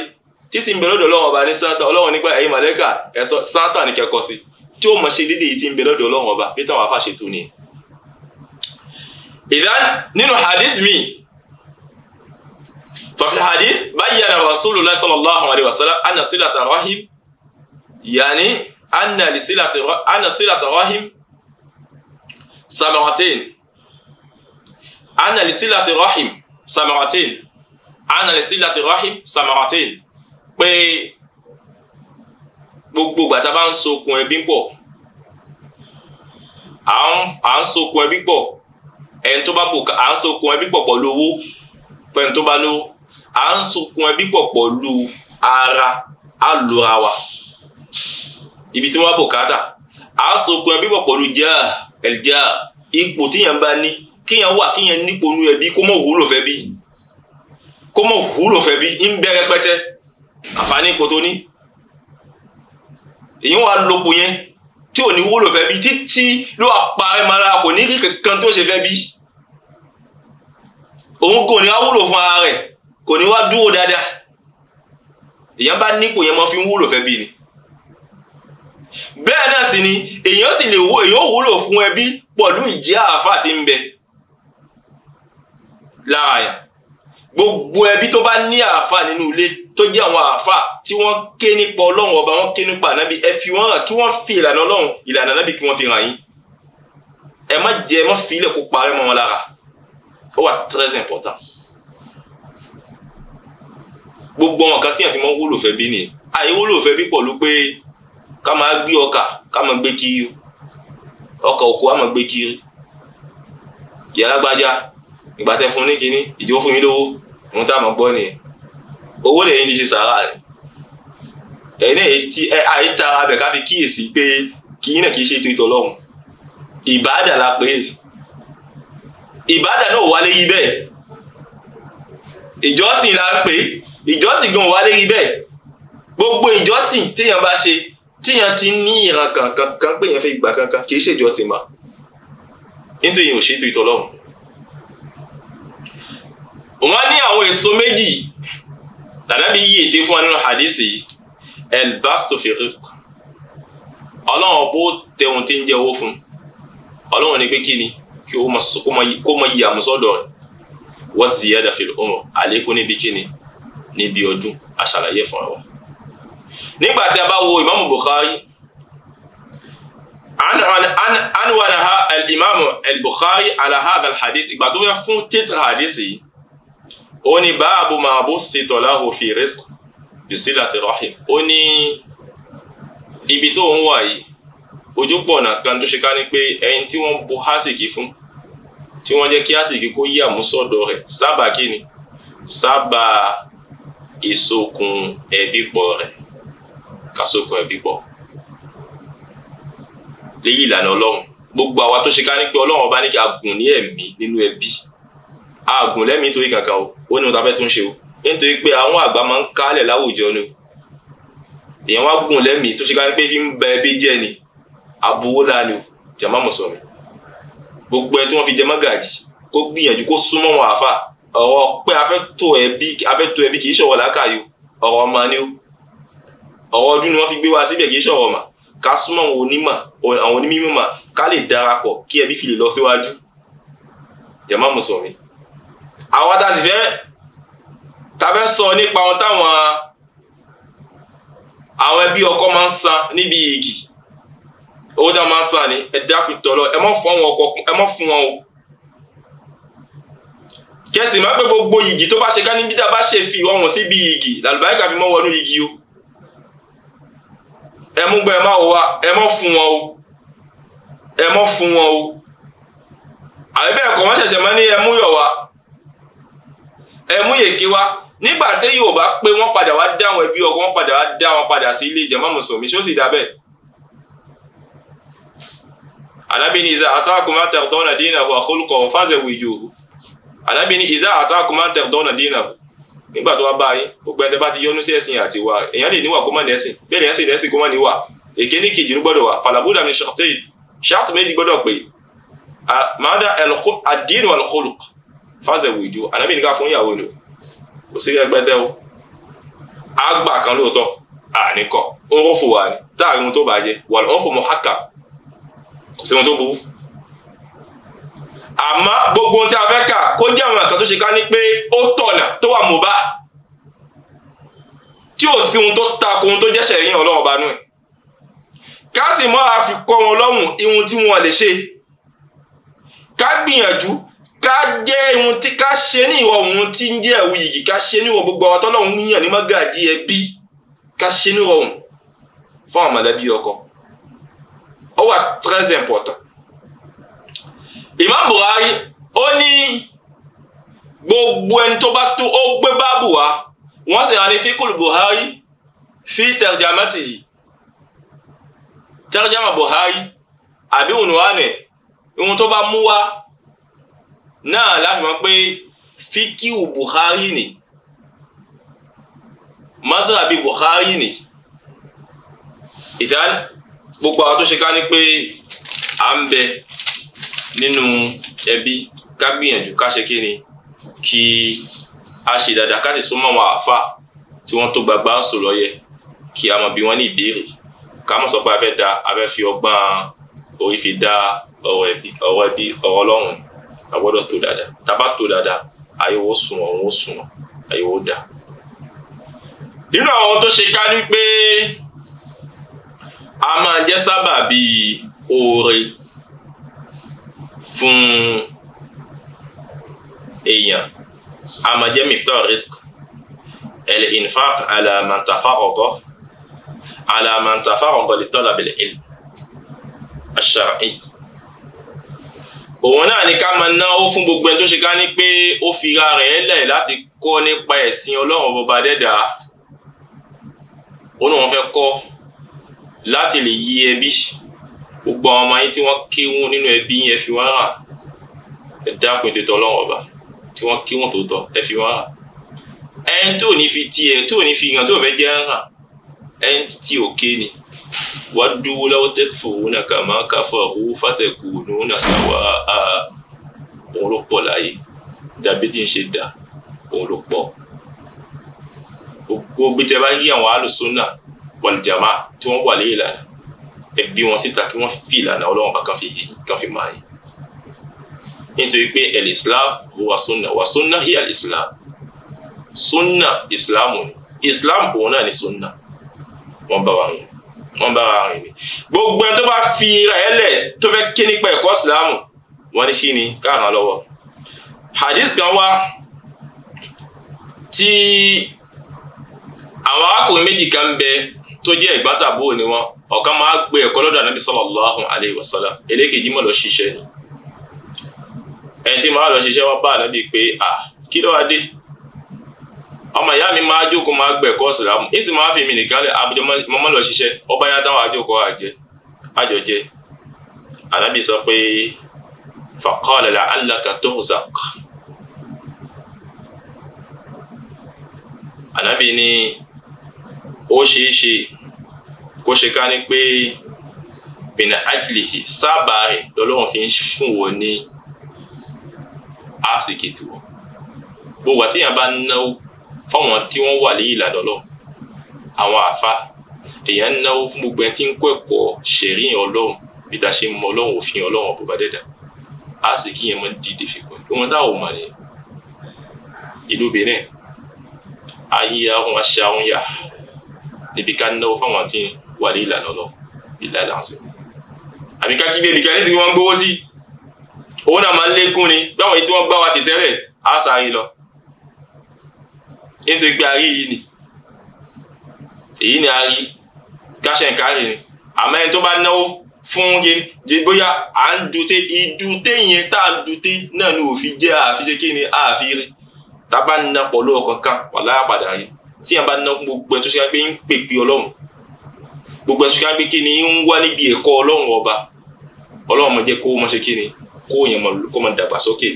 tí sì ń bẹ lọ́dọ̀ ọlọ́run ọba ní santa ọlọ́run nípa ẹ̀yin màlẹ́kà ẹ̀ sọ santa ní kẹ́kọ̀ọ́ sí tí ó mọ̀ ṣe déédéé èyí tí ń bẹ lọ́dọ̀ ọlọ́run ọba pété àwọn afáṣetò nìyẹn. ìdá nínú hadith mi ففي الحديث بين رسول الله صلى الله عليه وسلم أن صلة الرحم يعني أن لصلة أن صلة الرحم ثمرتين أن لصلة الرحم ثمرتين أن لصلة الرحم ثمرتين pé gbogbo ìgbà tá a bá ń sokun ẹbí pọ̀ à ń sokun ẹbí pọ̀ ẹni tó bá bùkà à ń sokun ẹbí pọ̀ pọ̀ lówó fẹ́ni tó bá lówó à ń sunkun ẹbí pọ̀ pọ̀lú ara á lura wa ibi tí wọ́n bò káàtà à ń sunkun ẹbí pọ̀ pọ̀lú jẹ́ ẹ̀jẹ̀ ipò tíyẹn bá ní kíyẹn wà kíyẹn nípò nú ẹbí kó mọ̀ wúlò fẹ́ bí kó mọ̀ wúlò fẹ́ bí ń bẹ rẹpẹtẹ àǹfààní ipò tó ní èyí wà lóko yẹn tí ò ní wúlò fẹ́ bí títí ló wà parẹ́ mara kò ní kí kankan tó ṣe fẹ́ bí òun kò ní á fún ara rẹ̀ kò ní wá dúró dáadáa èèyàn bá nípò yẹn mọ́ fi ń wúlò fẹ́ bí ni bẹ́ẹ̀ náà sì ni èèyàn sì lè wo èèyàn wúlò fún ẹbí pọ̀lú ìjẹ́ àáfà tí ń bẹ lára yà gbogbo ẹbí tó bá ní àáfà nínú ilé tó jẹ́ àwọn àáfà tí wọ́n ké nípa ọlọ́run ọba wọ́n ké nípa ànábì ẹ fi wọ́n hàn kí wọ́n fi ìlànà ọlọ́run ìlànà ànábì kí wọ́n fi hàn yín ẹ má jẹ ẹ má fi ilẹ̀ kó parẹ́ mọ́ wọn lára ó wà très important gbogbo wọn kan tí yàn fi máa wúlò fẹ́ bí ni àyè wúlò fẹ́ bí pọ̀lú pé ká máa gbé ọkà ká máa gbé kiri ọkà òkú á máa gbé kiri yàrá gbajà ìgbà tẹ fún ní kinní ìdíwọ́ fún yín lówó òun tá a máa gbọ́ nìyẹn owó lẹ́yìn ní ṣe sàárà rẹ̀ ẹ̀yin náà ti ẹ àyè tara abẹ ká fi kíyèsí pé kìí náà kìí ṣe ètò ìtọ́ lọ́hùn ìbáàdà la pè é ìbáàdà náà wálé yí bẹ́ẹ̀ ìjọsìn la ń pè ìjọsìn gan wà lérí bẹ́ẹ̀ gbogbo ìjọsìn téèyàn bá ṣe téèyàn ti ní ìran kankan kan pé èèyàn fẹ́ gbà kankan kì í ṣe ìjọsìn mà nítorí èèyàn ò ṣètò ìtọ́lọ́run wọ́n ní àwọn èso méjì làdábí yí ète fún wa nínú hadisi elbasto firisq ọlọ́run bó tẹun tí ń jẹ owó fún ọlọ́run ní pé kí ni kí ó mọ yí àmúsọ́dọ̀ rẹ̀ wa ziyada fil umr àlékún níbi kíni níbi ọdún àṣàlàyé fúnra wọn. nígbà tí a bá wo ìmáàmù Bukhari anwanaha al-imaamu al-Bukhari ala hadha al-hadith ìgbà tó fẹ́ fún títà hadith yìí ó ní báàbù máa bó ṣètò láhùn fi rizq rahim ó ní ibi tó ń wà yìí ojú pọ̀ nà kan tó ṣe ká ní pé ẹni tí wọ́n bu hásìkì fún tí wọ́n jẹ́ kí àsìkò kó yí àmúsọ̀dọ̀ rẹ̀ sábà kí ni sábà ìsokùn ẹbí pọ̀ rẹ̀ kásokùn ẹbí pọ̀ léyìí ìlànà ọlọ́run gbogbo àwa tó ṣe ká ní pé ọlọ́run ọba ní kí a gùn ní ẹ̀mí nínú ẹbí a gùn lẹ́mìí nítorí kankan o ó ní mo ta fẹ́ tún ṣe o nítorí pé àwọn àgbà máa ń kálẹ̀ láwùjọ ni èèyàn wá gùn lẹ́mìí tó ṣe ká ní pé fi ń ba ẹbí jẹ́ ni abuwó láàánú jàmá mùsùlùmí gbogbo ẹni tí wọ́n fi jẹ mọ́gàjì kó gbìyànjú kó súnmọ́ wọn àáfà ọ̀rọ̀ pé afẹ́tò ẹbí afẹ́tò ẹbí kì í ṣọ̀wọ̀ lákàyò ọ̀rọ̀ ọmọ ni ó ọ̀rọ̀ ọdún ni wọ́n fi gbé wá síbẹ̀ kì í ṣọ̀wọ̀ mà ká súnmọ́ àwọn onímọ̀ àwọn onímọ̀ mà ká lè darapọ̀ kí ẹbí fi lè lọ síwájú jàmá mùsùlùmí. àwa tá a sì fẹ́ ta fẹ́ sọ nípa ohun táwọn àwọn ẹbí ọkọ máa ń san níbi ìgì owó tá a máa ń sàn ní ẹ dákun tọ́lọ ẹ mọ́ fún wọn ọkọ ẹ mọ́ fún wọn o kẹsì má pé gbogbo yìgì tó bá ṣe ká níbi tá a bá ṣe fi ọrùn sí bí yìgì làlùbáríkà fi mọ́ wọnú yìgì o ẹ mú gbọ́ ẹ má wọ wa ẹ mọ́ fún wọn o ẹ mọ́ fún wọn o àbí bẹ́ẹ̀ kọ́ wọ́n ṣẹ̀ṣẹ̀ máa ní ẹ mú yọ̀ wá ẹ mú yèké wá nígbà tí Yorùbá pé wọ́n padà wá dá àwọn ẹbí ọkọ wọ́n padà wá dá wọn padà sí ilé ìjọba anábì ni iza atakum ma tardona dinahu wa khulqahu fazawijuhu anábì ni iza atakum ma tardona dinahu nígbà tó wá bá yín gbogbo ẹni bá ti yọnu sí ẹ̀sìn àti wa èèyàn lè níwà kó má nẹ́sìn bẹ́ẹ̀ ni ẹ̀sìn lẹ́sìn kó má níwà èké ní kejì ló gbọ́dọ̀ wà falabuda min shartain ṣáàtù méjì gbọ́dọ̀ pé mada ad-din wal khuluq fazawijuhu anábì ni ká fún ìyàwó ni o kò sí ẹgbẹ́tẹ́ o àgbà kan lóòótọ́ àníkọ̀ ń rọ́fò wà ní táàrin tó bàjẹ́ wal urfu muhakkam kò sí ohun tó burú àmọ́ gbogbo ohun tí a fẹ́ kà kó jẹ́ àwọn nǹkan tó ṣe ká ní pé ó tọ̀nà tó wà mọ̀bá tí ò sí ohun tó tako ohun tó jẹ́sẹ̀ yín ọlọ́run banú ẹ̀ ká sì mọ́ àfi kọ́ wọn lọ́hùn ihun tí wọ́n lè ṣe ká gbìyànjú ká jẹ́ ihun tí ká ṣe ní ìwọ̀ ohun tí ń jẹ́ ẹ̀wù yìí ká ṣe ní ìwọ̀ gbogbo ọ̀tọ́lọ́hún yàn ní mọ́gàjí ẹbí ká ṣe ní ìwọ̀ ohun fún àwọn mọ̀lẹ́bí ọkọ̀ ó wà très important Imam Buhari ó ní gbogbo ẹni tó bá tó ó gbé báàbù wá wọ́n sì rán ní fíkùl Buhari fi tẹ̀rẹ̀dàmẹ́tì yìí tẹ̀rẹ̀dàmà Buhari àbí ònùwánù ẹ̀ ohun tó bá mú wá náà láti mọ̀ pé fíkìwù Buhari ni mazhabi Buhari ni ìdáni gbogbo àwọn tó ṣe ká ní pé à ń bẹ nínú ẹbí ká gbìyànjú ká ṣe kí ni kí a ṣe dáadáa ká sì súnmọ́ àwọn àáfà tí wọ́n tó gbàgbá ń sò lọ́yẹ kí a mọ̀ bí wọ́n ní ìbéèrè ká mọ̀ sọ pé a fẹ́ da a fẹ́ fi ọgbọ́n orí fi dá ọ̀rọ̀ ẹbí ọ̀rọ̀ ẹbí ọ̀rọ̀ ọlọ́run a gbọ́dọ̀ tó dáadáa tá a bá tó dáadáa àyẹ̀wò sùn ọ̀run ó sùn àyẹ̀wò dáa nínú àwọn tó ṣe ká ní pé a máa jẹ́ sábàbí oore fún èèyàn a máa jẹ́ miftah risk el infaq ala man tafarraqa ala man tafarraqa li talab al ilm ash-shar'i òun náà ni ká máa náwó fún gbogbo ẹni tó ṣe ká ní pé ó fira rẹ̀ lẹ̀ láti kọ́ nípa ẹ̀sìn ọlọ́run bọba dẹ́dà ó ní wọ́n fẹ́ kọ́ láti lè yí ẹbí gbogbo àwọn ọmọ yín tí wọ́n kéwú nínú ẹbí yín ẹ fi wọ́n hàn ẹ dákun ètò ìtọ́ ọlọ́run ọba tí wọ́n kéwú tó tọ́ ẹ fi wọ́n hàn ẹni tó ní fi tiẹ̀ tó ní fi hàn tó fẹ́ jẹ́ hàn ẹni tí ò ni wàá dúró lọ́wọ́ tẹ́kifù òun náà kà máa káfọ́ òun fàtẹ̀kù òun náà sàwọ́ òun ló pọ̀ láàyè dàbí tí ń ṣe dà òun ló pọ̀ gbogbo bí bá yí àwọn alùsùn náà wàlìjàmá tí wọ́n wà léyìn lànà ẹbí wọn síta kí wọ́n fi ìlànà ọlọ́run bá kan fi yìí kan fi máa yìí nítorí pé el islam huwa sunna wa sunna hiya el islam sunna islamu ni islam òun náà ni sunna wọ́n bá wa rìn wọ́n bá wa rìn ni gbogbo ẹni tó bá fi ra ẹ lẹ̀ tó fẹ́ ké nípa ẹ̀kọ́ ìsìlámù wọ́n ní sí ni káàkàn lọ́wọ́ hadith kan wá tí àwọn arákùnrin méjì kan bẹ tó jẹ́ ìgbátàbó ni wọn ọ̀kan máa gbé ẹ̀kọ́ lọ́dọ̀ ànábì sallallahu alayhi wa sallam elékejì mọ̀ lọ ṣiṣẹ́ ni ẹni tí máa lọ ṣiṣẹ́ wá bá ànábì pé à kí ló wá dé ọmọ ìyá mi máa jókòó máa gbẹ ẹ̀kọ́ ìsìlámù ní sì máa fi mi nìkan lẹ àbújọ mọ́mọ́ lọ ṣiṣẹ́ ọba yá táwọn àjókòó àjẹ àjọjẹ ànábì sọ pé faqala la'allaka tuhzaq ànábì ní ó ṣeé ṣe kó ṣe ká ní pé bìnà ájìlìhì sábà rẹ̀ lọ́lọ́run fi ń fún wọn ní àsìkè tiwọn gbogbo àtìyàn bá náwó fáwọn tí wọ́n wà ní ìlànà lọ àwọn àfa èèyàn ń náwó fún gbogbo ẹni tí ń kó ẹ̀kọ́ ṣẹ̀ríyàn ọlọ́run bí ta ṣe ń mọ ọlọ́run òfin ọlọ́run ọ̀bùbá dẹ́dà á yẹn mọ́ dìde fìkún kí wọ́n táwọn mọ̀ ní ìlú benin ayé àwọn aṣáwọn yà níbi ká náwó fáwọn tí wà ní ìlànà lọ ìlànà àṣẹ àbí ká kígbe nìkan nísìnyí wọn ń gbowó sí owó náà máa ń lékún ni báwọn yìí tí wọn bá wa tètèrè á sáré lọ nítorí pé àárí yìí ni èyí ni àárí káṣẹ nkárì ni àmọ́ ẹni tí yàn bá ná fún gbogbo ẹ tó ṣe ká gbé ń pèpè ọlọ́run gbogbo ẹ tó ṣe ká gbé kí ni ń wá níbi ẹ̀kọ́ ọlọ́run ọba ọlọ́run mọ jẹ́ kó mọ ṣe kí ni kó yẹn mọ kó mọ dàgbà sókè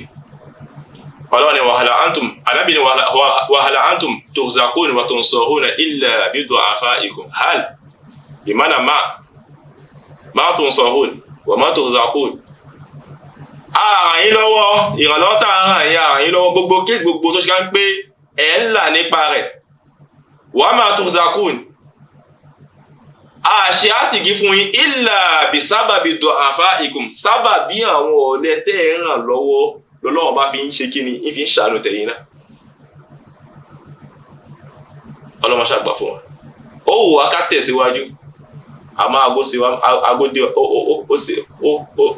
ọlọ́run ni wàhálà antum anábì ni wàhálà antum turzaqun wa tunsaruna illa bi du'afaikum hal ìmánà má má tunsarun wa má turzaqun àràn yín lọ́wọ́ ìrànlọ́ta àràn yín lọ́wọ́ gbogbo kéèsì gbogbo tó ṣe ká ń pé ẹ̀ ń nípa rẹ̀ wàá máa tó zakun àṣẹ àsìkí fún yín ìlà bí sábàbí dọ̀ àfa ikùn sábàbí àwọn ọ̀lẹ tẹ́ ẹ ràn lọ́wọ́ lọ́lọ́wọ́ bá fi ń ṣe kí ni ń fi ń ṣàánú tẹ̀yìn náà ọlọ́mọ ṣàgbà fún wa ó wù wá ká tẹ̀síwájú àmọ́ agóde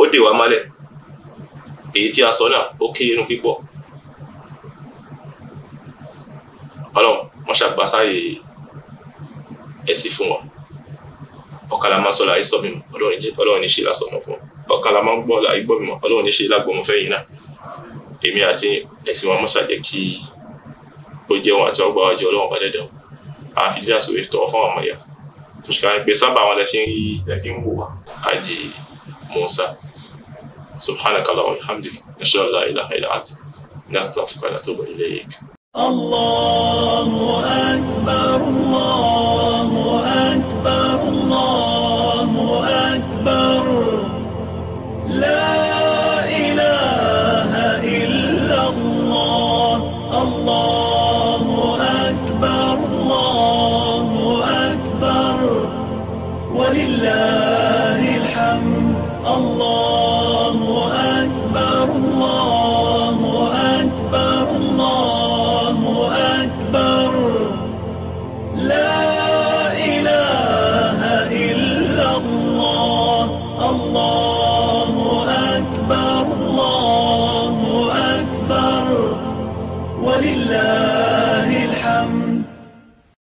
ó dè wá mọ́lẹ̀ èyí tí a sọ náà ó kéré nínú pípọ̀ ọlọ́run wọ́n ṣàgbásáyè ẹ̀sìn fún wọn ọ̀kàlà máa sọ láì sọ mi mọ̀ ọlọ́run ní ṣe lásọmọ fún ọ̀kàlà máa ń gbọ́ láì gbọ́ mi mọ̀ ọlọ́run ní ṣe lágbọ́mọ fẹ́ yìí náà èmi àti ẹ̀sìn wọn mọ́sà jẹ́ kí ó jẹ́ wọn àti ọgbà ọjọ́ ọlọ́run padà dẹ̀wọ̀n àwọn fi dídá sórí tọ̀wọ́ fún àwọn ọmọ ìyá tó ṣe káyọ̀ pé sábà àwọn lẹ́fí ń rí lẹ́fí ń wò wá àjẹ mọ́sà subhanaka wa bihamdika ashhadu an la ilaha illa anta nastaghfiruka wa natubu ilayk الله أكبر الله أكبر الله أكبر لا